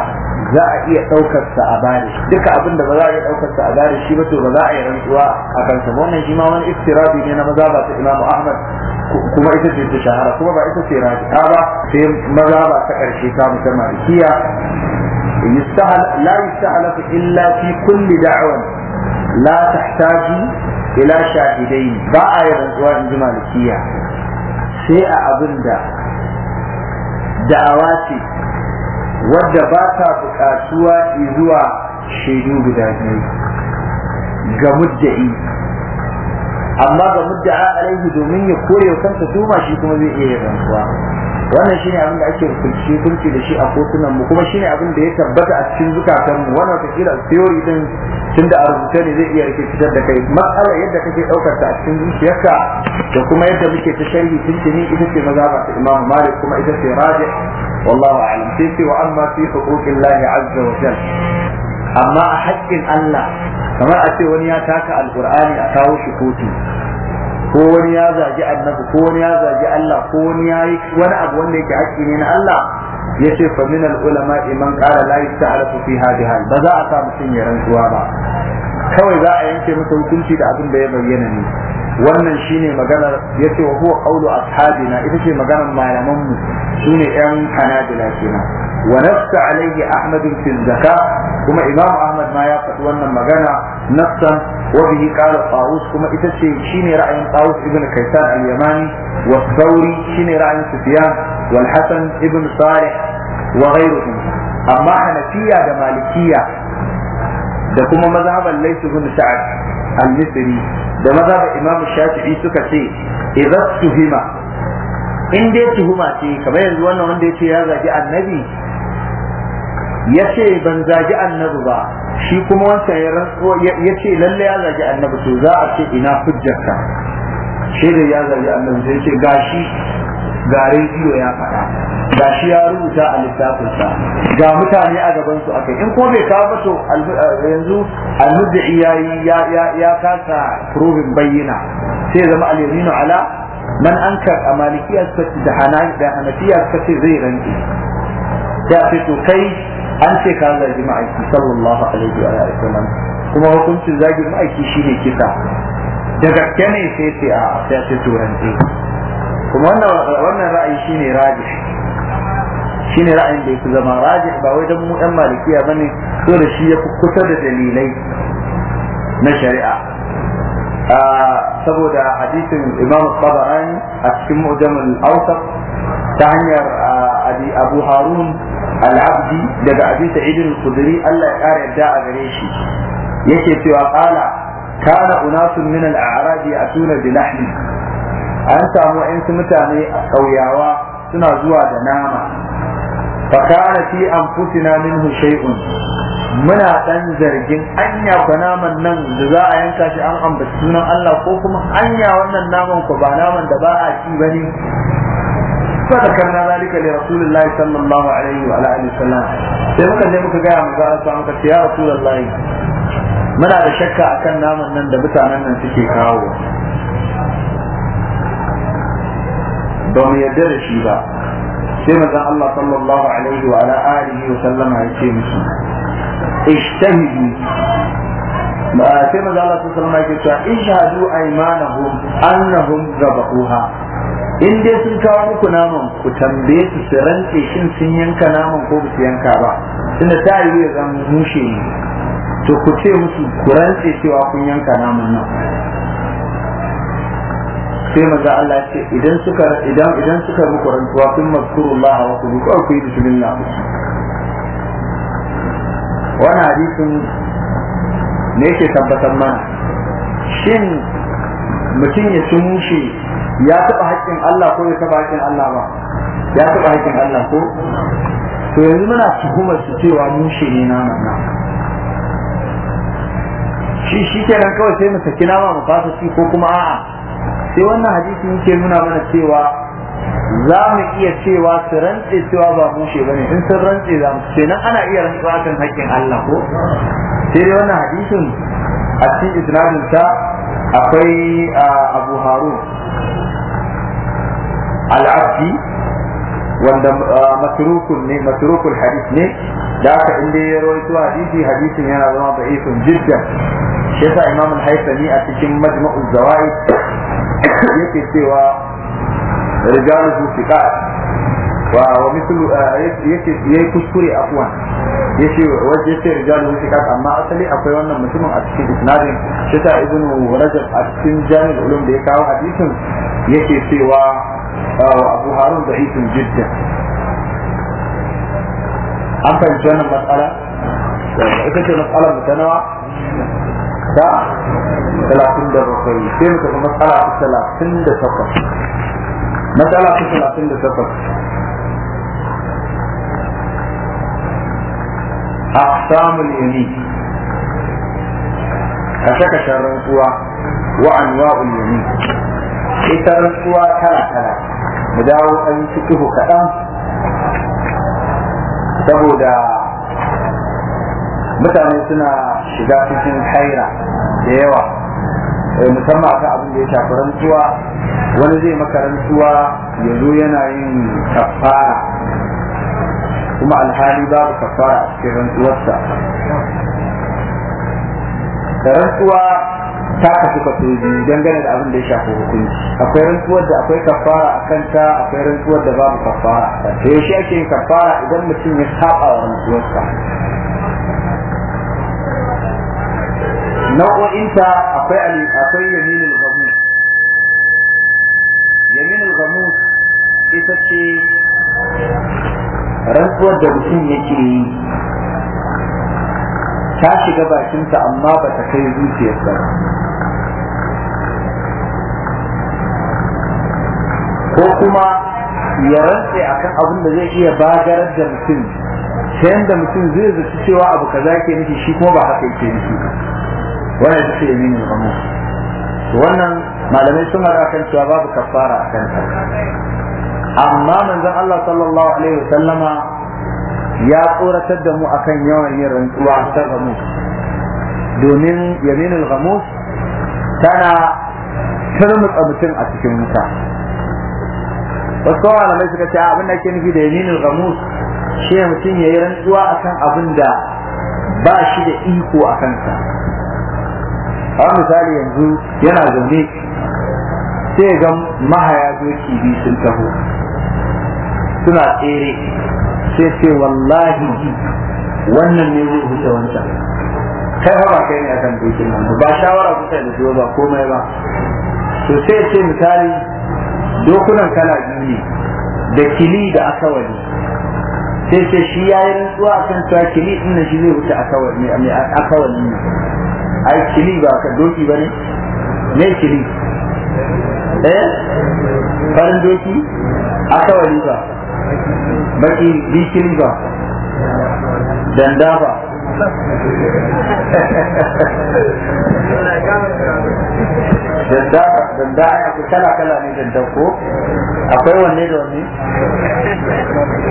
za a iya daukar sa a bari duka abin da ba za a iya daukar sa a bari shi ba to ba za a yi rantsuwa a kan sa wannan shi ma wani iftirabi ne na maza ba ta imamu ahmad kuma ita ce ta shahara kuma ba ita ce raji'a ba sai maza mazaba ta karshe ta musamman kiya yustahal la yustahlaku illa fi kulli da'wan la tahtaji ila shahidai ba'a a yi rantsuwa in ji sai a abin da da'awa ce wadda ba ta buƙatuwa zuwa shaidu guda biyu ga mudda'i amma ga mudda'a alaihi domin ya kore kansa tuma shi kuma zai iya rantsuwa wannan shine abin da ake hukunci hukunci da shi a kotunan mu kuma shine abin da ya tabbata a cikin zukatan mu wannan wataƙila theory din tunda a rubuce ne zai iya rike fitar da kai matsala yadda kake ɗaukarta ta a cikin zuciyarka da kuma yadda muke ta sharhi tuntuni ita ce maza ba ta imamu malik kuma ita ce raji wallahu a'lam sai ce wa amma fi lahi azza wa jalla amma a haƙƙin Allah kamar a ce wani ya taka alqur'ani a kawo shi kotu ko wani ya zagi annabi ko wani ya zagi Allah ko wani ya yi wani abu wanda yake haƙƙi ne na Allah yace fa min al ulama iman qala la yasta'lafu fi hadhihi ba za a sa mutum ya rantsuwa ba kawai za a yanke masa hukunci da abin da ya bayyana ne wannan shine maganar yace wa huwa qawlu ashabina ita ce maganar malaman mu sune yan hanabila kenan wa nafsa alayhi ahmad fi zakka kuma imam ahmad ma ya faɗi wannan magana نصا وبه قال الطاووس كما إتشي شيني رأي طاووس ابن كيسان اليماني والثوري شيني رأي سفيان والحسن ابن صالح وغيرهم أما حنفية دا مالكية دا كما مذهب ليس بن سعد المصري دا مذهب إمام الشافعي سكتي إذا اتهم in dai tuhuma ce kamar yanzu wannan wanda ya ce ya zagi annabi ya ce ban zagi annabi ba shi kuma wancan ya ce lalle ya zagi annabi to za a ce ina hujjarka shaidar ya zagi annabi sai ce gashi ga rediyo ya faɗa gashi ya rubuta a littafinsa ga mutane a gabansu akai in kuma bai kawo to yanzu almuddi ya kasa probin bayyana sai zama al-yaminu ala man ankar a malikiya suka da hanafiya suka ce zai rantsi ya ce to kai an ce ka zagi ma'aiki sallallahu alaihi wa sallam kuma hukuncin zagin ma'aiki shi ne kisa da gaske ne sai ce a sai ce turanci kuma wannan ra'ayi shi shine raji ne ra'ayin da ya fi zama raji ba wai dan mu yan malikiya bane so da shi ya kusa da dalilai na shari'a saboda hadisin imam tabarani a cikin mu'jamul awsat ta hanyar abu harun al-abdi daga abi sa'id al-khudri Allah ya kara yadda a gare shi yake cewa qala kana unasun min al-a'rab ya'tuna bi lahmi an samu su mutane kauyawa suna zuwa da nama fa kana fi anfusina minhu shay'un muna dan zargin anya ko naman nan da za a yanka shi an ambaci sunan Allah ko kuma anya wannan naman ko ba naman da ba a ci bane فذكرنا ذلك لرسول الله صلى الله عليه وعلى اله وسلم sai muka je muka gaya mu za su muka ya rasulullahi muna da shakka akan naman nan da mutanen nan suke kawo ba mu yarda da shi ba sai manzon Allah sallallahu alaihi wa ala alihi wa sallama ya ce musu ishtahidu sai manzo Allah sallallahu alaihi wasallam yake ishhadu aymanahum annahum zabahuha in dai sun kawo muku naman ku tambaye su su rantse shin sun yanka naman ko su yanka ba tunda ta yi ya zan mushe ni, to ku ce musu ku rantse cewa kun yanka naman nan sai maza Allah ce idan suka idan idan suka muku rantsuwa kun mazkurullah wa ku ku yi bismillah Wani hadisin ne ke tabbatar mana shin mutum ya ci mushe ya taɓa haƙƙin Allah ko ya taɓa haƙƙin Allah ba ya taɓa haƙƙin Allah ko to yanzu muna tuhumar su cewa mushe ne naman nan shi shi kenan kawai sai mu saki nama mu fasa shi ko kuma a'a sai wannan hadisi yake nuna mana cewa za mu iya cewa su rantse cewa ba bushe bane in sun rantse za mu ce ana iya rantsuwa kan haƙƙin Allah ko sai dai wannan hadisin a cikin isnadin sa akwai Abu Harun al-Abdi wanda matrukun ne matrukul hadis ne da aka inda ya rawaito hadisi hadisin yana zama da'ifun jidda shi yasa Imam al-Haythami a cikin Majma'u Zawaid yake cewa rijaluhu thiqa wa wa mithlu yake yayi kuskure afwan yace wajen yace rijaluhu thiqa amma asali akwai wannan mutumin a cikin isnadin shita ibnu rajab a cikin jami'ul ulum da ya kawo hadisin yake cewa abu harun da'ifun jiddan an fahimci wannan ita ce matsalar mu ta nawa da talatin sai muka ga matsala talatin da takwas matsala ta talatin da takwas aqsamul yamin kashe kashen rantsuwa wa anwa'ul yamin ita rantsuwa kala kala mu dawo an fikihu kaɗan saboda mutane suna shiga cikin haira da yawa eh, musamman aka abin da ya shafi rantsuwa wani zai makarantuwa ya zo yana yin kafara kuma alhali babu kafara a cikin rantsuwarsa da rantsuwa ta kasu kasoji dangane da abin da ya shafi hukunci akwai rantsuwar da akwai kafara a kanta akwai rantsuwar da babu kafara a kanta yaushe ake yin kafara idan mutum ya saba wa rantsuwarsa nau'o'inta akwai akwai ita ce rantsuwar da mutum yake yi ta shiga bakinta amma ba ta kai zuciyarsa ko kuma ya rantse akan abin da zai iya bagarar da mutum ta da mutum zai zaci cewa abu za ke nufi shi kuma ba haka yake nufi wannan ita ce yaminin wannan malamai sun kan cewa babu kafara a kanta amma manzon Allah sallallahu alaihi wasallama ya tsoratar da mu akan yawan yin rantsuwa ta gamu domin yaminul gamus tana turmutsa mutum a cikin mutum. wasu mai suka ce abin da ke nufi da yaminul gamus shi mutum ya yi rantsuwa akan abin da ba shi da iko a kansa a misali yanzu yana zaune sai ga mahaya zo biyu sun taho suna tsere sai ce wallahi wannan ne zai huce wancan kai ba kai ne akan dokin nan ba shawara kuka da zuwa ba komai ba to sai ce misali dokunan kala biyu ne da kili da akawali sai ce shi ya yi rantsuwa akan cewa kili din nan shi zai huce akawali ne akawali ne ai kili ba ka doki ba ne me kili eh farin doki akawali ba baki bikin ba danda ba danda danda ya ku kala kala ne danda ko akwai wanne da wanne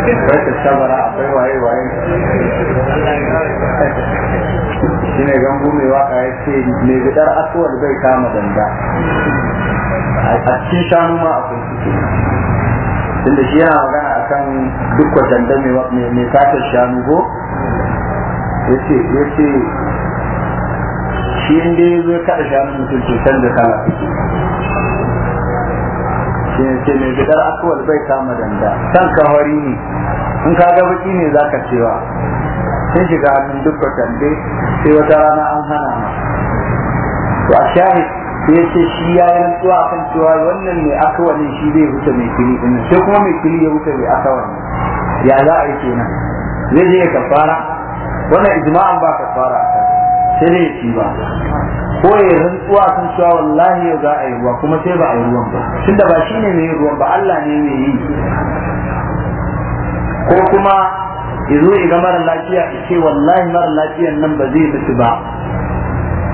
akwai tattabara akwai waye waye shi ne gangu mai waka ya ce mai bidar asuwar zai kama danda a cikin shanu ma akwai suke da shi yana magana kan duk kwatanta mai satar shanu ko yace yace shi inda ya zo kada shanu mutum cutar da kala shi ne ce mai bidar akwal bai kama danda san kawari ne in ka ga baki ne zaka cewa sun shiga hannun duk kwatanta sai wata rana an hana ma to a shahid sai ce shi ya yi rantsuwa a kan cewa wannan mai wani shi zai wuce mai kiri din sai kuma mai kiri ya wuce mai wani ya za a yi kenan zai je ya kafara wannan ijma'an ba kafara a kan sai zai ci ba ko ya rantsuwa a kan cewa wallahi ya za a yi ruwa kuma sai ba a yi ruwan ba da ba shi ne mai ruwan ba Allah ne mai yi ko kuma ya zo ya ga mara lafiya ya ce wallahi mara lafiyan nan ba zai mutu ba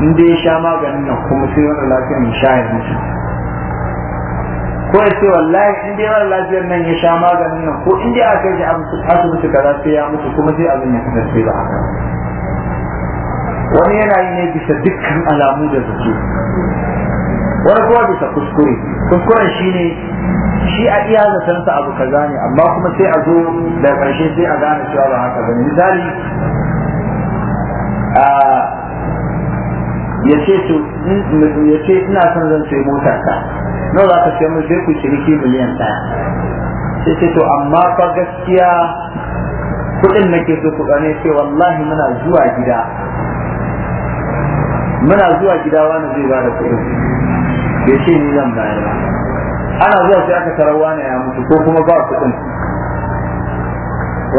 in dai ya sha maganin nan kuma sai wani lafiyar ya sha ya mutu ko ya ce wallahi in dai wani lafiyar nan ya sha maganin nan ko in dai aka yi asibiti kaza sai ya mutu kuma sai abin ya kasance ba haka wani yana yi ne bisa dukkan alamu da suke wani kuma bisa kuskure kuskuren shi ne, shi a iya sa abu kaza ne amma kuma sai a zo da karshe sai a gane cewa ba haka ba misali ya ce to ya ce ina son zan sai motar ka nawa za ka sai mai sai ku ciniki miliyan ta? sai ce to amma fa gaskiya kuɗin nake so ku gane sai wallahi muna zuwa gida muna zuwa gida wani zai ba da kudin ya ce ni zan bayar ana zuwa sai aka tarar wani ya mutu ko kuma ba kudin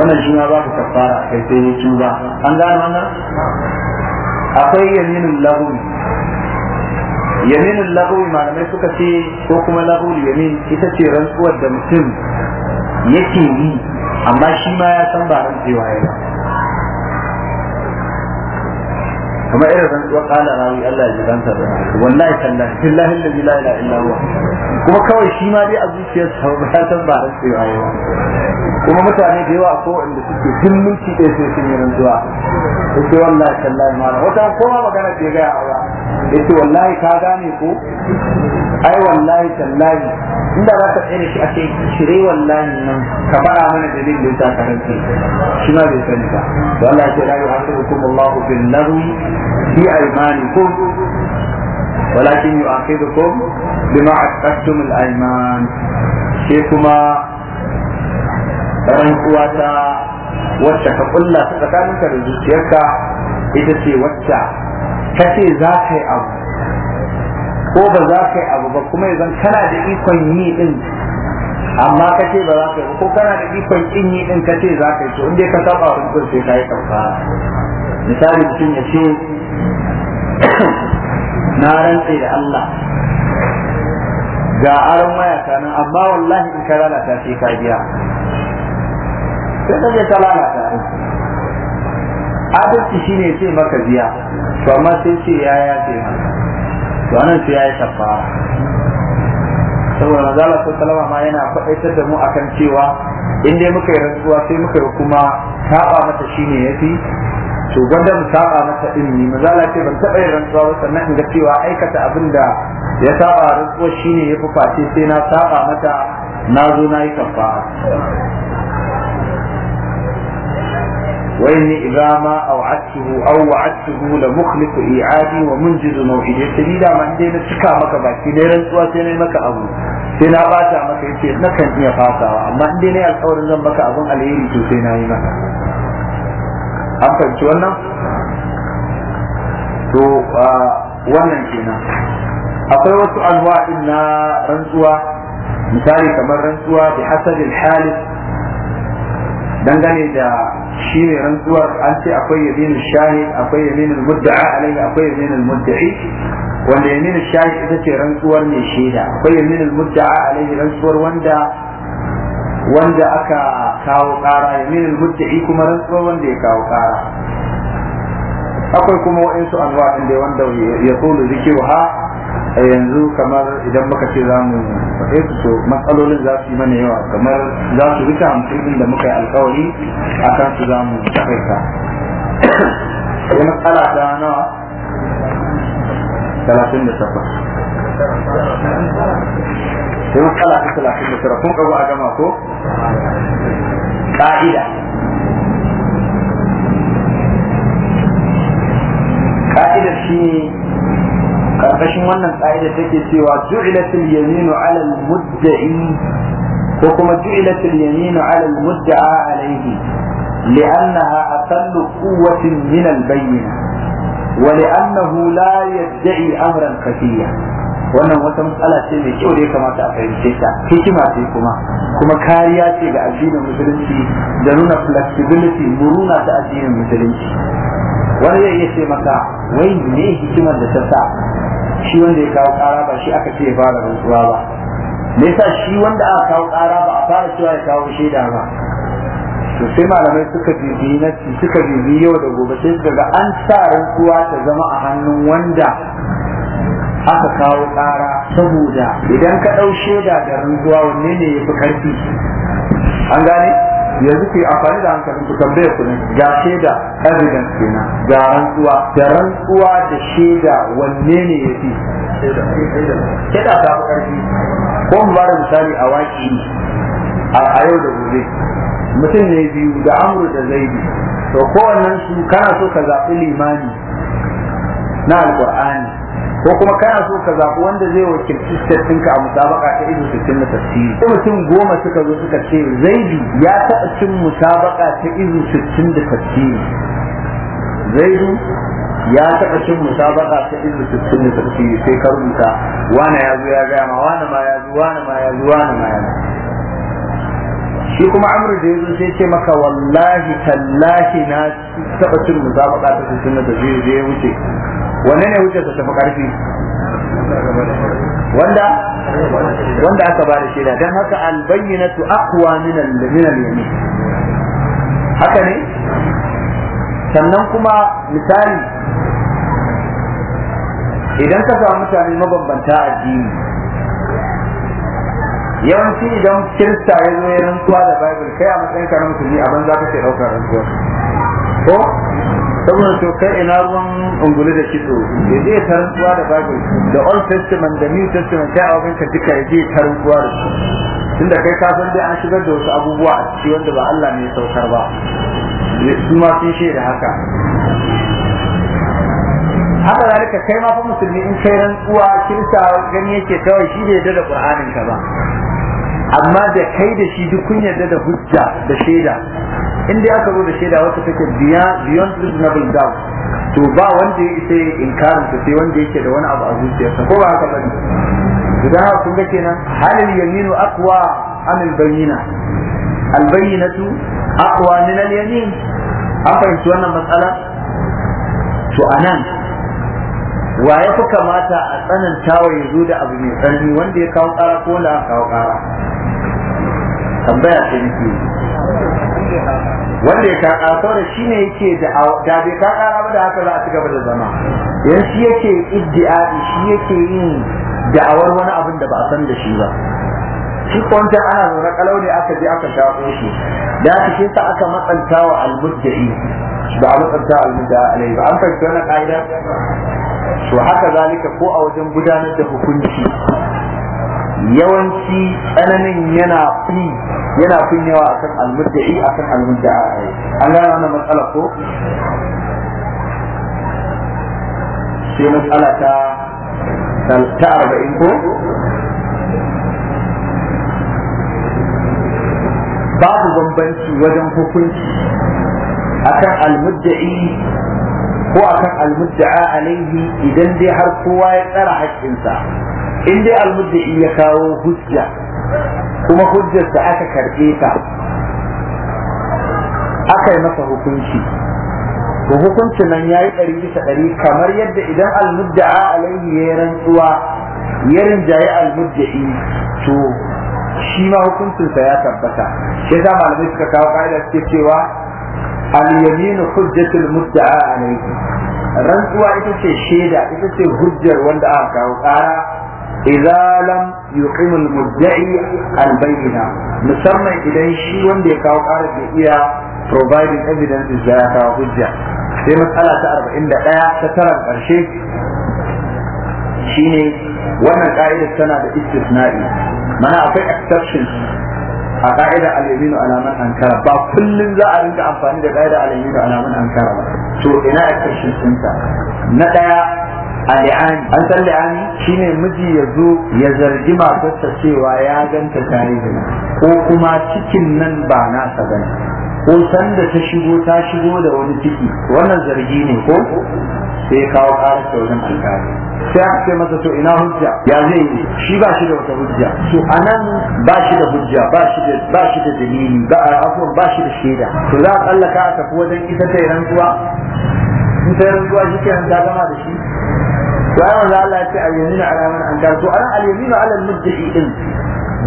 wannan shi ma ba ku kafara kai sai ya ba an gano wannan akwai yaminin lahuri yaminin lahuri malamai suka ce ko kuma lahuri yamin ita ce rantsuwar da mutum yake yi amma shi ma ya san ba rantsewa ya ba kamar irin rantsuwa kala rawi Allah ya ji kansa wallahi tallahi billahi allazi la ilaha illa huwa kuma kawai shi ma dai a zuciyar sa ba san ba rantsuwa ba kuma mutane da yawa ko inda suke dimminci da sai sun yi rantsuwa yace wallahi tallahi ma wata kowa magana ke ga ya ce wallahi ka gane ko ai wallahi tallahi inda za ka tsaye shi ake ce wallahi nan ka fara mana dalil da ta karanci shi ma bai sani ba wallahi ce la yu'akhirukum Allahu bil lahwi fi aymanikum walakin yu'akhirukum bima aqadtum al ayman sai kuma rantsuwa ta wacce ka kulla tsakaninka da zuciyarka ita ce wacce kace za ka yi abu ko ba za ka yi abu ba kuma yanzu kana da ikon yi din amma ka ce ba za ka yi ko kana da ikon kin yi din ka ce za ka yi to inda ka saba hukun sai ka yi karfa misali mutum ya ce na rantse da Allah ga aron mayaka nan amma wallahi in ka lalata sai ka biya sai ka je ka lalata adalci shine sai maka biya to amma sai ce yaya sai maka to anan sai yayi kafara saboda manzala ko salama ma yana faɗaitar da mu akan cewa in dai muka yi rantsuwa sai muka yi kuma saba mata shine yafi to gwanda mu saba mata din ni manzala ce ban taɓa yin rantsuwa ba sannan in ga cewa aikata abin da ya saba rantsuwa shine yafi face sai na saba mata na zo na yi kafara وإني إذا ما أوعدته أو وعدته لمخلف إيعادي ومنجز موعدي سبيلا ما عندي نتكا مكا باكي ديرا سوا سيني مكا أبو سينا باتا مكا يتي نكا نيا فاتا أما عندي نيا الأور لم مكا أبو الهيري تو سينا مكا أم فهمت وانا تو wannan kenan akwai wasu alwa'in na rantsuwa misali kamar rantsuwa bi hasadil halis dangane da shi ne rantsuwar an ce akwai yaminin shahi akwai yaminin mudda'a alaihi akwai yaminin mudda'i wanda yaminin shahi ita ce rantsuwar mai shaida akwai yaminin mudda'a alaihi rantsuwar wanda wanda aka kawo kara yaminin mudda'i kuma rantsuwar wanda ya kawo kara akwai kuma wa'insu anwa'in da wanda ya kulu zikiru ha a yanzu kamar idan muka ce za mu faɗe su to matsalolin za su yi mana yawa kamar za su wuce hamsin da muka yi alkawari a kan su za mu ka sai matsala ta nawa talatin da takwas sai matsala ta talatin da tara kun kago a gama ko ƙa'ida ƙa'idar shi ne karkashin wannan ka'ida take cewa ju'ilatul yaminu 'ala al-mudda'i ko kuma ju'ilatul yaminu 'ala al-mudda'a alayhi li'annaha aqallu quwwatin min al-bayyina wa li'annahu la yadda'i amran kafiya wannan wata matsala ce mai kyau da ya kamata a fahimce ta hikima ce kuma kuma kariya ce ga addinin musulunci da nuna flexibility muruna ta addinin musulunci wani zai iya ce maka wai ne hikimar da ta sa shi wanda ya kawo kara ba shi aka ce ya fara rantsuwa ba me yasa shi wanda aka kawo kara ba a fara cewa ya kawo shaida ba to sai malamai suka bibi na suka bibi yau da gobe sai suka ga an sa rantsuwa ta zama a hannun wanda aka kawo kara saboda idan ka ɗau shaida da rantsuwa wanne ne ya fi karfi an gane yanzu ku yi amfani da hankalin ku tambaye ku ne ga shaida evidence kenan ga rantsuwa da rantsuwa da shaida wanne ne ya fi shaida ta fi ƙarfi ko mu bada misali a waƙi a yau da gobe mutum ne biyu da amru da zaidi to kowannen su kana so ka zaɓi limani na alƙur'ani ko kuma kana so ka zaɓi wanda zai wakilci ka a musabaka ta ido sittin na tafsiri ko mutum goma suka zo suka ce zaidi ya taɓa cin musabaka ta ido sittin da tafsiri zaidu ya taɓa cin musabaka ta ido sittin da tafsiri sai ka rubuta wane ya zo ya gaya ma wane ma ya zo wane ma ya zo wane ma ya zo shi kuma amru da yazo sai ce maka wallahi tallahi na taba cin musabaqa ta sunna da zai je wuce Wanne ne wuce ta tafi karfi wanda wanda aka ba da shaida dan haka albayyinatu aqwa min al-min al-yamin haka ne sannan kuma misali idan ka samu mutane mabambanta addini yawanci idan kirista ya zo ya rantsuwa da bible kai a matsayin ka na musulmi abin za ka ce ɗaukar rantsuwa ko saboda to kai ina ruwan ungulu da kitso ya je ta rantsuwa da bible da old testament da new testament kai abin ka duka ya je ta rantsuwa da su tunda kai ka san dai an shigar da wasu abubuwa a ciki wanda ba Allah ne ya saukar ba su ma sun shaida haka haka zalika kai ma fa musulmi in kai rantsuwa kirista gani yake kawai shi bai da Qur'anin ka ba amma da kai da shi duk kun yarda da hujja da shaida in dai aka zo da shaida wata take beyond reasonable doubt to ba wanda ya isa inkarin ta sai wanda yake da wani abu a zuciyarsa ko ba haka bane idan haka kun ga kenan halil yaminu aqwa am al bayyina al bayyinatu aqwa min al yamin an fahimci wannan matsala to anan wa ya fi kamata a tsanantawa ya zo da abu mai tsanani wanda ya kawo kara ko wanda aka kawo kara tambaya ce nake wanda ya kaka saboda shi ne yake da da bai kaka ba da haka za a ci gaba da zama yan shi yake iddi'a'i shi yake yin da'awar wani abin da ba a san da shi ba shi kwanta ana zaune kalau ne aka je aka shafo shi da aka shi sa aka matsanta wa almudda'i ba a matsanta almudda'i alai ba an fahimci wani ka'ida to haka zalika ko a wajen gudanar da hukunci yawanci tsananin yana fi yana fin yawa akan almudda'i akan almudda'a an gane wannan matsala ko sai matsala ta ta arba'in ko babu bambanci wajen hukunci akan almudda'i ko akan almudda'a alaihi idan dai har kowa ya tsara haƙƙinsa in dai almuddi ya kawo hujja kuma hujjar da aka karɓe ta aka yi masa hukunci to hukuncin nan ya yi ɗari bisa ɗari kamar yadda idan almudda'a alaihi ya rantsuwa ya rinjaye almudda'i to shi ma hukuncinsa ya tabbata shi yasa malamai suka kawo ƙa'ida suke cewa al-yaminu hujjatul mudda'a alaihi rantsuwa ita ce shaida ita ce hujjar wanda aka kawo ƙara idza lam yuqim al-mudda'i musamman idan shi wanda ya kawo ƙarar da iya providing evidence da ya kawo hujja sai matsala ta 41 ta taran ƙarshe shine wannan ka'idar tana da istisna'i mana akwai exceptions a ka'idar al-yaminu alaman ankara ba kullum za a rinka amfani da ka'idar al-yaminu alaman ankara ba to ina exceptions ɗinta na ɗaya al'ani an san al'ani shine miji ya zo ya zargi matarsa cewa ya ganta tare da ko kuma cikin nan ba sa bane ko sanda ta shigo ta shigo da wani ciki wannan zargi ne ko sai kawo ta wajen alƙali sai aka ce masa to ina hujja ya zai yi shi ba shi da wata hujja to nan ba shi da hujja ba shi da ba shi da dalili ba a abubuwan ba shi da shaida to za a tsallaka a tafi wajen ita ta yi rantsuwa in ta yi rantsuwa shi ke hanta gama da shi to ai wanda Allah ya ce al-yaminu ala man ankar to anan al ala muddai din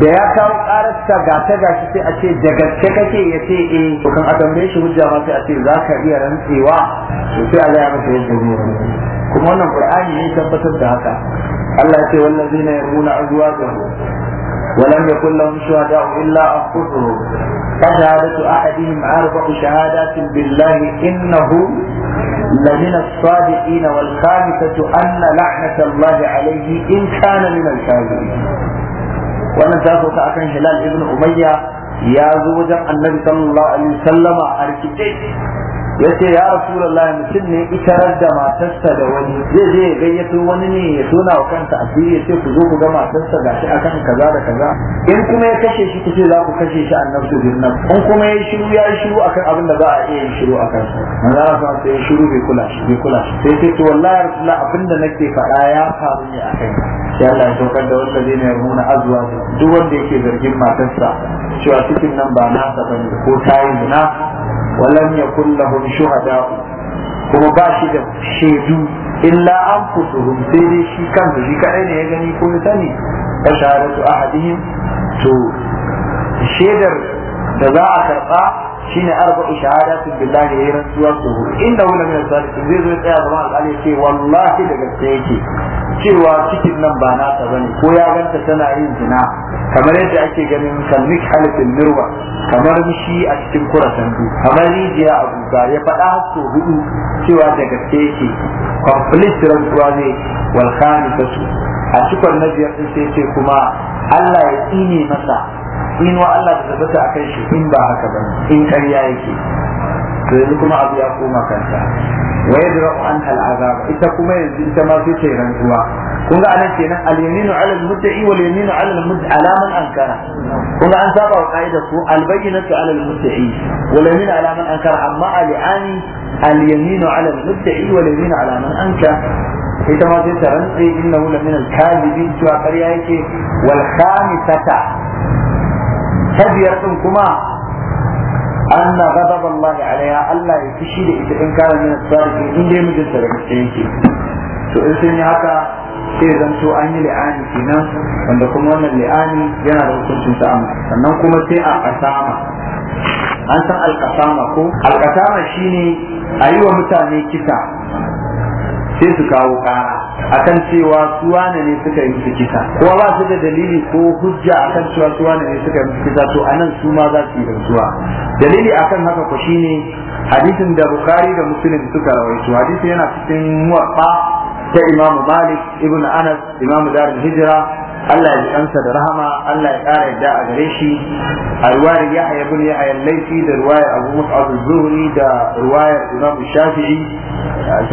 da ya kawo karasta ga ta gashi sai a ce da gaske kake ya ce eh to kan a tambaye shi hujja ma sai a ce za ka iya rantsewa to sai Allah ya yadda ne kuma wannan qur'ani ne tabbatar da haka Allah ya ce wallazina yarmuna azwajahum ولم يكن لهم شهداء إلا أنفسهم فشهادة أحدهم أربع شهادات بالله إنه لمن الصادقين والخامسة أن لعنة الله عليه إن كان من الكاذبين وأنا تأخذ أكن هلال ابن أمية يا زوجة النبي صلى الله عليه وسلم أركتك ya ce ya rasulullahi mutum ne itarar da matarsa da wani zai je ya gayyato wani ne ya tona wa kansa asiri ya ce ku zo ku ga matarsa gashi akan kaza da kaza in kuma ya kashe shi kace za ku kashe shi annabtu bin nan. in kuma ya shiru ya shiru akan abin da ba a iya yin shiru akan sa manzo su sai ya shiru bai kula shi bai kula shi sai ce wallahi rasulullahi abin da nake faɗa ya faru ne akan sai Allah ya saukar da wanda zai ne yarmuna azwa duk wanda yake zargin matarsa cewa cikin nan ba nasa bane ko tayi zina ولم يكن لهم شهداء kuma ba shi da shaidu illa an fusuhum sai dai shi kansa shi kadai ne ya gani ko ya sani fa shahadatu ahadihim to shaidar da za a karɓa. shine arba shahadatu billahi ya rantsuwa su inna wala min salihin zai zo tsaya gaban alƙali ce wallahi da gaske yake cewa cikin nan ba ta bane ko ya ganta tana yin zina kamar yadda ake ganin kalmik halifin mirwa kamar shi a cikin kuratan kamar rijiya a guga ya faɗa so hudu cewa da gaske yake complete rantsuwa ne wal khamisatu a cikon na biyar sai ce kuma Allah ya tsine masa In wa Allah ta tabbata a kan shi in ba haka ba in ƙarya yake to yanzu kuma abu ya koma kanta wa yadra'u an hal azab ita kuma yanzu ita ma sai ce rantsuwa kun ga anan kenan al yaminu ala al mudda'i wal yaminu ala al mud ala man ankara kun ga an saba wa qaida ko al bayyinatu ala al mudda'i wal yaminu ala man ankara amma al ani al yaminu ala al mudda'i wal yaminu ala man ankara ita ma sai ta rantsi innahu la min al kadhibin cewa ƙarya yake wal khamisata ta biyar din kuma anna ghadab Allah alaiha Allah ya kishi da ita in kana min sarki in dai mijin ta daga cikin to in sun yi haka sai zan to an yi li'ani kenan wanda kuma wannan li'ani yana da hukuncin sa sannan kuma sai a kasama, an san alkasama ko alkasama shine a yi wa mutane kisa sai su kawo kara akan cewa su wane ne suka yi su kisa Ko ba su da dalili ko hujja akan cewa su wane ne suka yi su kisa to anan su ma za su yi rantsuwa dalili akan haka ko shine hadisin da Bukhari da Muslim suka rawaito hadisi yana cikin muwaffa ta imamu Malik ibn Anas imamu dar Hijra Allah ya kansa da rahama Allah ya kara yadda a gare shi a ruwayar Yahya ibn Yahya laifi da ruwayar Abu Mus'ab az-Zuhri da ruwayar Imam Shafi'i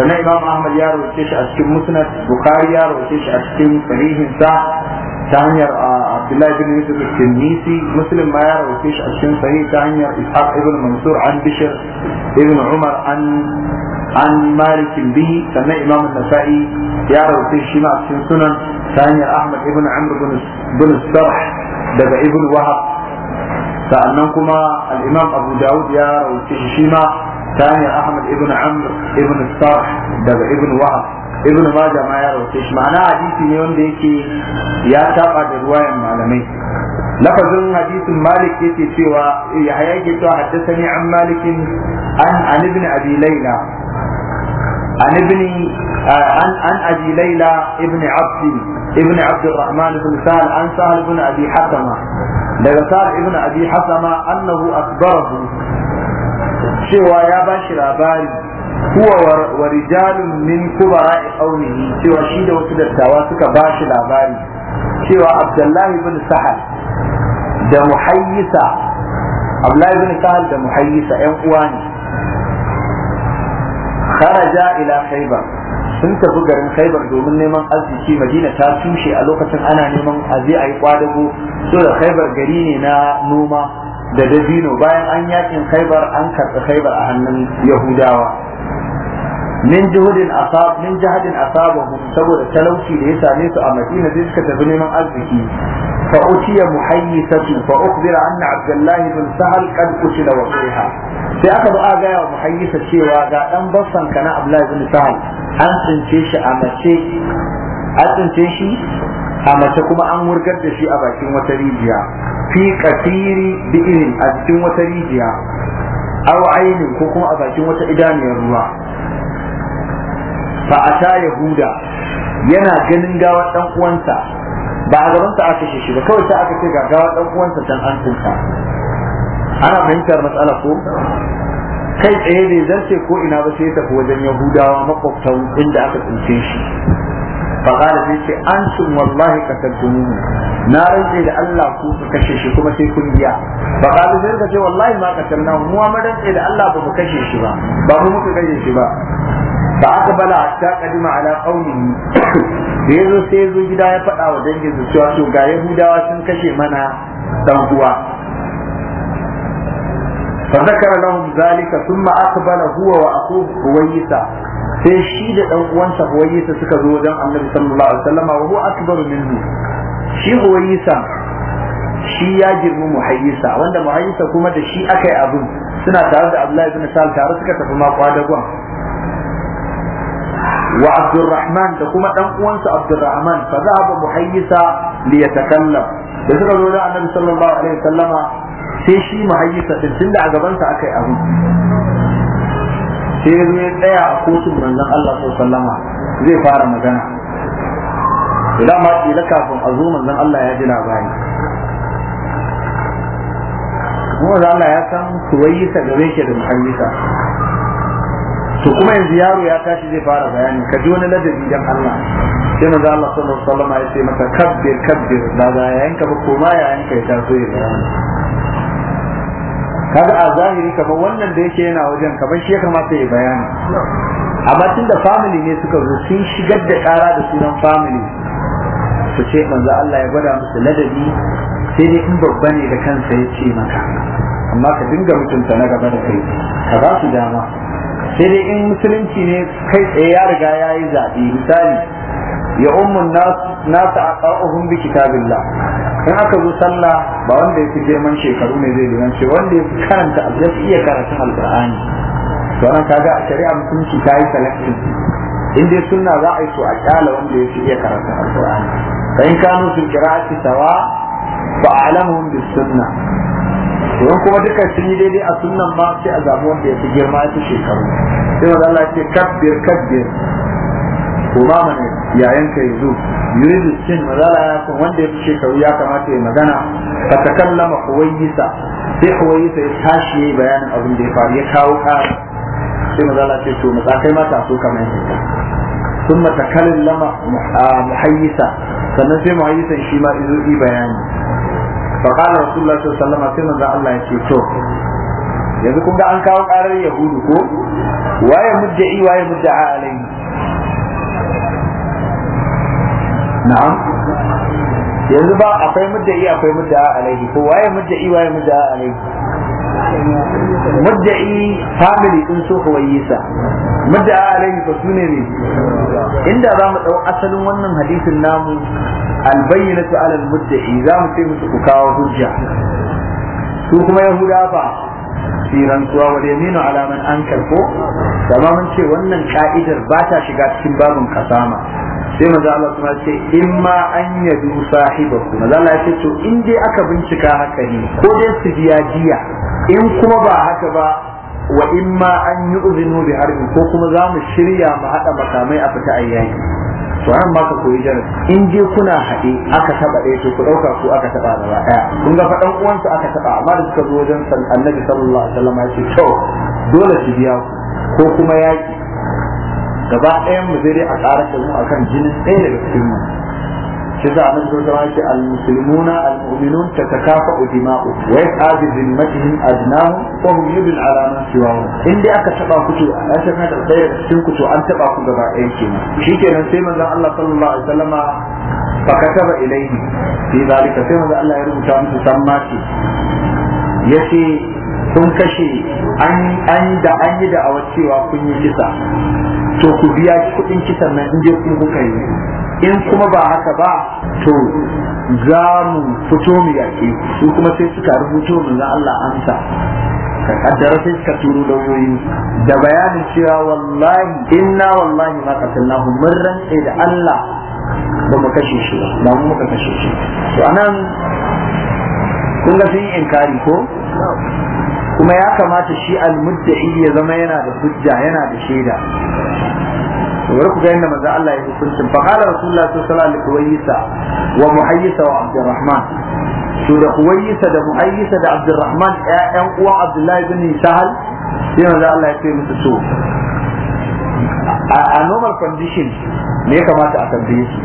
sannan Imam Ahmad ya rawace shi a cikin Musnad Bukhari ya rawace shi a cikin sahihin sa ta hanyar Abdullahi bin Yusuf al-Tirmidhi Muslim ma ya rawace shi a cikin sahih ta hanyar Ishaq ibn Mansur an Bishr ibn Umar an an Malik bihi sannan Imam An-Nasa'i ya rawace shi ma a cikin Sunan ثاني أحمد ابن عمرو بن السرح دقى ابن وهب sa'annan kuma al-imam abu dawud ya rawace shi ma tani ahmad ibn amr ibn sarh daga ibn wahab ibn majah ma ya rawace ma'ana hadisi ne wanda yake ya saba da ruwayan malamai lafazin hadisin malik yake cewa yahya yake cewa haddathani an malik an an ibn abi layla an ibn an ibn ibn abdurrahman ibn sa'al an sa'al ibn abi hasama daga sa'al ibn abi hasama annahu akbarahu cewa ya ba shi labari huwa wa rijalun min kubara'i qaumihi cewa shi da wasu dattawa suka ba shi labari cewa abdullahi ibn sahal da muhayyisa abdullahi ibn sahal da muhayyisa yan uwa ne kharaja ila khaybar sun tafi garin khaibar domin neman arziki madina ta tushe a lokacin ana neman a zai a yi kwadago so da khaibar gari ne na noma da dabino bayan an yakin khaibar an karɓi khaibar a hannun yahudawa min juhudin asab min jahadin asabahu saboda talauci da ya same su a Madina sai suka tafi neman arziki fa utiya muhayyisatu fa ukhbira anna Abdullah bin Sahal qad qutila wa fiha sai aka ba ga ya muhayyisa cewa ga dan bassan kana Abdullah bin Sahal an tsince shi a mace an tsince shi a mace kuma an wurgar da shi a bakin wata rijiya fi kasiri bi'in a cikin wata rijiya aw ainin ko kuma a bakin wata idaniyar ruwa fa ta yahuda yana ganin gawar ɗan uwansa ba a gaban sa aka kashe shi ba kawai sai aka ce ga gawar dan uwansa dan an tunta ana fahimtar matsala ko kai tsaye bai zance ko ina ba sai ya tafi wajen yahudawa makwabtan inda aka tsince shi فقال سيتي أنتم والله قتلتموه نار إلى الله كوك كشيشي كما سيكون بيا فقال سيتي والله ما قتلناه محمدا إلى الله بمكشيشي با بمكشيشي با فأقبل حتى قدم على قومه da ya zo sai ya zo gida ya faɗa wa dangin su cewa to ga yahudawa sun kashe mana dan uwa fa zakara lahum zalika thumma aqbala huwa wa aqub huwaysa sai shi da dan uwansa huwayisa suka zo wajen annabi sallallahu alaihi wasallam wa huwa akbaru minhu shi huwayisa shi ya girmi muhayisa, wanda muhayisa kuma da shi aka yi abin suna tare da Abdullahi ibn Sal tare suka tafi ma kwadagon wa Abdurrahman da kuma dan uwansa Abdurrahman fa zahaba muhayyisa li yatakallam da suka zo da annabi sallallahu alaihi wasallama sai shi muhayisa din tunda a gabansa aka yi abun. sai ya tsaya a kotun manzon Allah sallama zai fara magana Da ma kila kafin a zo manzon Allah ya ji labari kuma Allah ya san ta gare shi da muhayyisa to kuma yanzu yaro ya tashi zai fara bayani ka ji wani ladabi dan Allah sai manzo Allah sallallahu alaihi wasallam ya ce maka kabbir kabbir ba za yanka ba koma ma ya yanka ya taso ya kaga a zahiri kamar wannan da yake yana wajen kamar shi ya kamata ya bayani a bakin da family ne suka zo sun shigar da kara da sunan family su ce manzo Allah ya gwada musu ladabi sai dai in babba ne da kansa ya ce maka amma ka dinga mutunta na gaba da kai ka ba su dama sai dai in musulunci ne kai tsaye ya riga ya yi zaɓe misali ya ummun nasu a ƙa'uhun bi kitabillah in aka zo sallah ba wanda ya fi girman shekaru ne zai girman ce wanda ya fi karanta abin fi iya karanta alƙur'ani to nan kaga a shari'a mutunci ta yi salafi in dai sunna za a yi to a ƙyala wanda ya fi iya karatun alƙur'ani fa in kanu fil qira'ati sawa fa a'lamuhum bis sunna don kuma duka sun yi daidai a sunnan ba sai a zabi wanda ya fi girma ya fi shekaru sai wanda Allah ya ce kabbir kabbir ko umama ne yayin ka yanzu yuridu sin mazala ya kun wanda ya fi shekaru ya kamata ya magana fa takallama huwayisa sai huwayisa ya tashi ya yi bayanin abin da ya faru ya kawo ƙara sai mazala ce to mu kai mata so kamar yanzu, yadda ثم تكلم محيسا sannan sai muhayyisan shi ma izo yi bayani fa qala rasulullah sallallahu alaihi wasallam sai Allah ya ce to yanzu kun ga an kawo karar yahudu ko waye mudda'i waye mudda'a alai na'am yanzu ba akwai mudda'i akwai mudda'a alaihi ko waye mudda'i waye mudda'a alaihi mudda'i family din su yisa mudda'a alaihi ko sune ne inda za mu dau asalin wannan hadisin namu albayyinatu alal mudda'i za mu ce musu ku kawo hujja su kuma yahuda fa siran kuwa wa yaminu ala man ankar ko da mun ce wannan ka'idar ba ta shiga cikin babin kasama sai maza Allah suna ce in ma an yadu sahibaku maza Allah ya ce to in dai aka bincika haka ne ko dai su biya jiya, in kuma ba haka ba wa in ma an yi uzinu bi harbi ko kuma za mu shirya mu haɗa makamai a fita ayyaki to an ba ka koyi jarin in je kuna haɗe aka taɓa ɗaya to ku ɗauka ko aka taɓa gaba ɗaya kun ga faɗan uwansu aka taɓa amma da suka zo wajen annabi sallallahu alaihi wasallam ya ce to dole su biya ku ko kuma yaƙi gaba ɗayan mu zai a ƙara kalmu a kan jinin ɗaya daga cikin mu shi za a nan zo zama ke al-musulmuna al-mu'minun ta takafa udima'u wa ya ƙabi zimmatihim adnahu ko hum yudul alaman siwahu in dai aka taɓa ku to an san da ɗaya daga cikin ku to an taɓa ku gaba Shi kenan shikenan sai manzon Allah sallallahu alaihi wasallama fakataba ilaihi fi zalika sai manzon Allah ya rubuta musu sammaki yace sun kashe an da an yi da'awar cewa kun yi kisa to ku biya kuɗin kisan nan in je kuka yi in kuma ba haka ba to za mu fito mu yaƙi su kuma sai suka rubuto mu na Allah amsa ka kaddara sai suka turo wuri. da bayanin cewa wallahi inna wallahi ma qatalnahu mun rantsa da Allah ba mu kashe shi ba mu muka kashe shi to anan kun ga sun yi inkari ko kuma ya kamata shi al-mudda almudda'i ya zama yana da hujja yana da shaida wani ku ga yadda manzo Allah ya hukuncin fa qala rasulullahi sallallahu alaihi wasallam kuwayisa wa muhayyisa wa abdurrahman to da kuwayisa da muhayyisa da abdurrahman ƴaƴan uwa abdullahi bin sahal sai manzo ya musu a normal condition ne kamata a tambaye su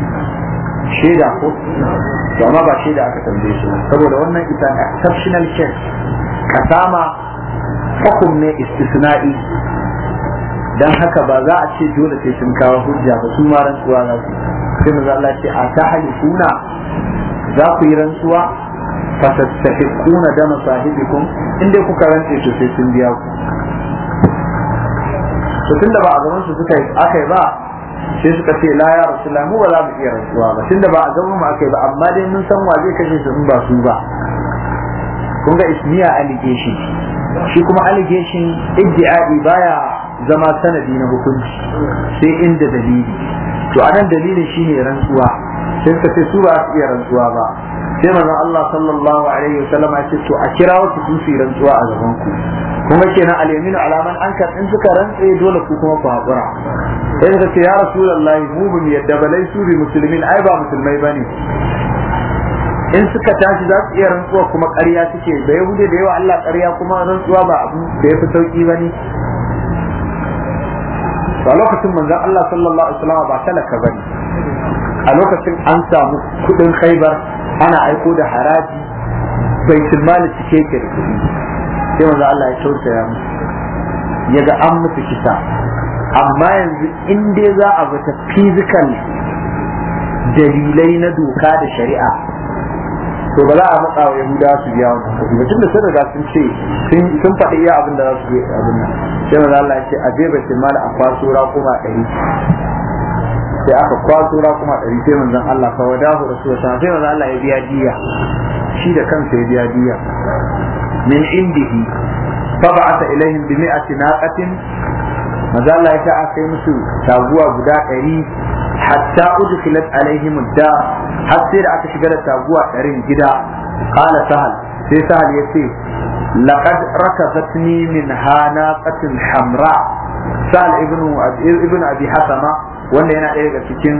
shaida ko to amma ba shaida aka tambaye su saboda wannan ita exceptional case kasama hukum ne istisna'i dan haka ba za a ce dole sai sun kawo hujja ba su ma rantsuwa za su sai manzo Allah ce a ta kuna za ku yi rantsuwa fa tastahiquna da masahibikum inda kuka rantse to sai sun biya ku to tunda ba a gaban su suka aka yi ba sai suka ce la ya rasulullah mu ba za mu iya rantsuwa ba tunda ba a gaban mu aka yi ba amma dai mun san wa zai kashe su in ba su ba kun ga ismiya allegation shi kuma allegation iddi'ai baya zama sanadi na hukunci sai inda dalili to anan dalilin shine rantsuwa sai suka su ba su iya rantsuwa ba sai manzon Allah sallallahu alaihi wasallam ya ce to a kira wasu su su rantsuwa a gaban ku kuma kenan al-yaminu alaman an ka in suka rantse dole ku kuma ku hakura sai suka ce ya rasulullahi mu bin yadda balai su bi musulmin ai ba musulmai bane in suka tashi za su iya rantsuwa kuma ƙarya suke da yahudi da yawa Allah ƙarya kuma rantsuwa ba abu da ya fi sauƙi ba ne to lokacin manzon Allah sallallahu alaihi wasallam ba talaka bane a lokacin an samu kudin khaibar ana aiko da haraji bai mali cike yake da sai manzon Allah ya tausaya musu yaga an musu kisa amma yanzu in dai za a bata fizikal dalilai na doka da shari'a to ba za a matsa wa yahuda su biya wa kuɗi ba tunda sun riga sun ce sun faɗi iya abin da za su yi abin nan sai maza Allah ya ce a je bakin mala a kwaso raƙuma ɗari sai aka kwaso raƙuma ɗari sai manzon Allah fa wadahu rasulullahi sai maza Allah ya biya diya shi da kansa ya biya diya min indihi فبعث إليهم بمئة ناقة maza Allah ya ta aka yi musu taguwa guda ɗari hatta udkhilat alaihim da har sai da aka shiga da taguwa ɗarin gida qala sahal sai sahal ya ce laqad rakazatni min hanaqatin hamra sahal ibnu ibnu abi hasama wanda yana ɗaya daga cikin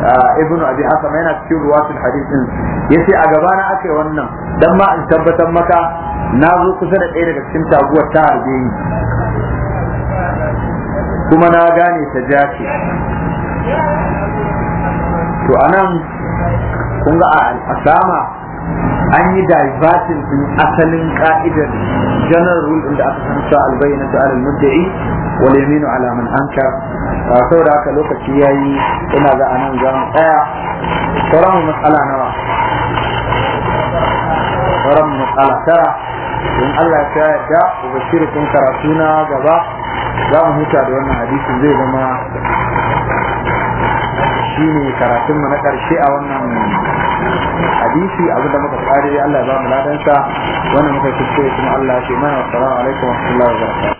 ah, ibnu abi hasan yana cikin ruwatul hadith din yace a gaba na wannan dan ma in tabbatar maka na zo kusa da ɗaya daga cikin taguwar ta harbe ni kuma na gane ta jace to anan kun ga a dama an yi divertin din asalin ka'idar general rule inda aka san cewa albayyana ta alal mudda'i wal yaminu ala man anka saboda haka lokaci yayi ina ga anan za mu tsaya sauran matsala nawa sauran matsala tara in Allah ya yarda ku ubashiru kun karatu na gaba za mu huta da wannan hadisin zai zama ne karatun mu na karshe a wannan hadisi abu da muka fare Allah ya ba mu ladan sa wannan muka kuskure kuma Allah ya ce mana assalamu alaikum wa rahmatullahi wa barakatuh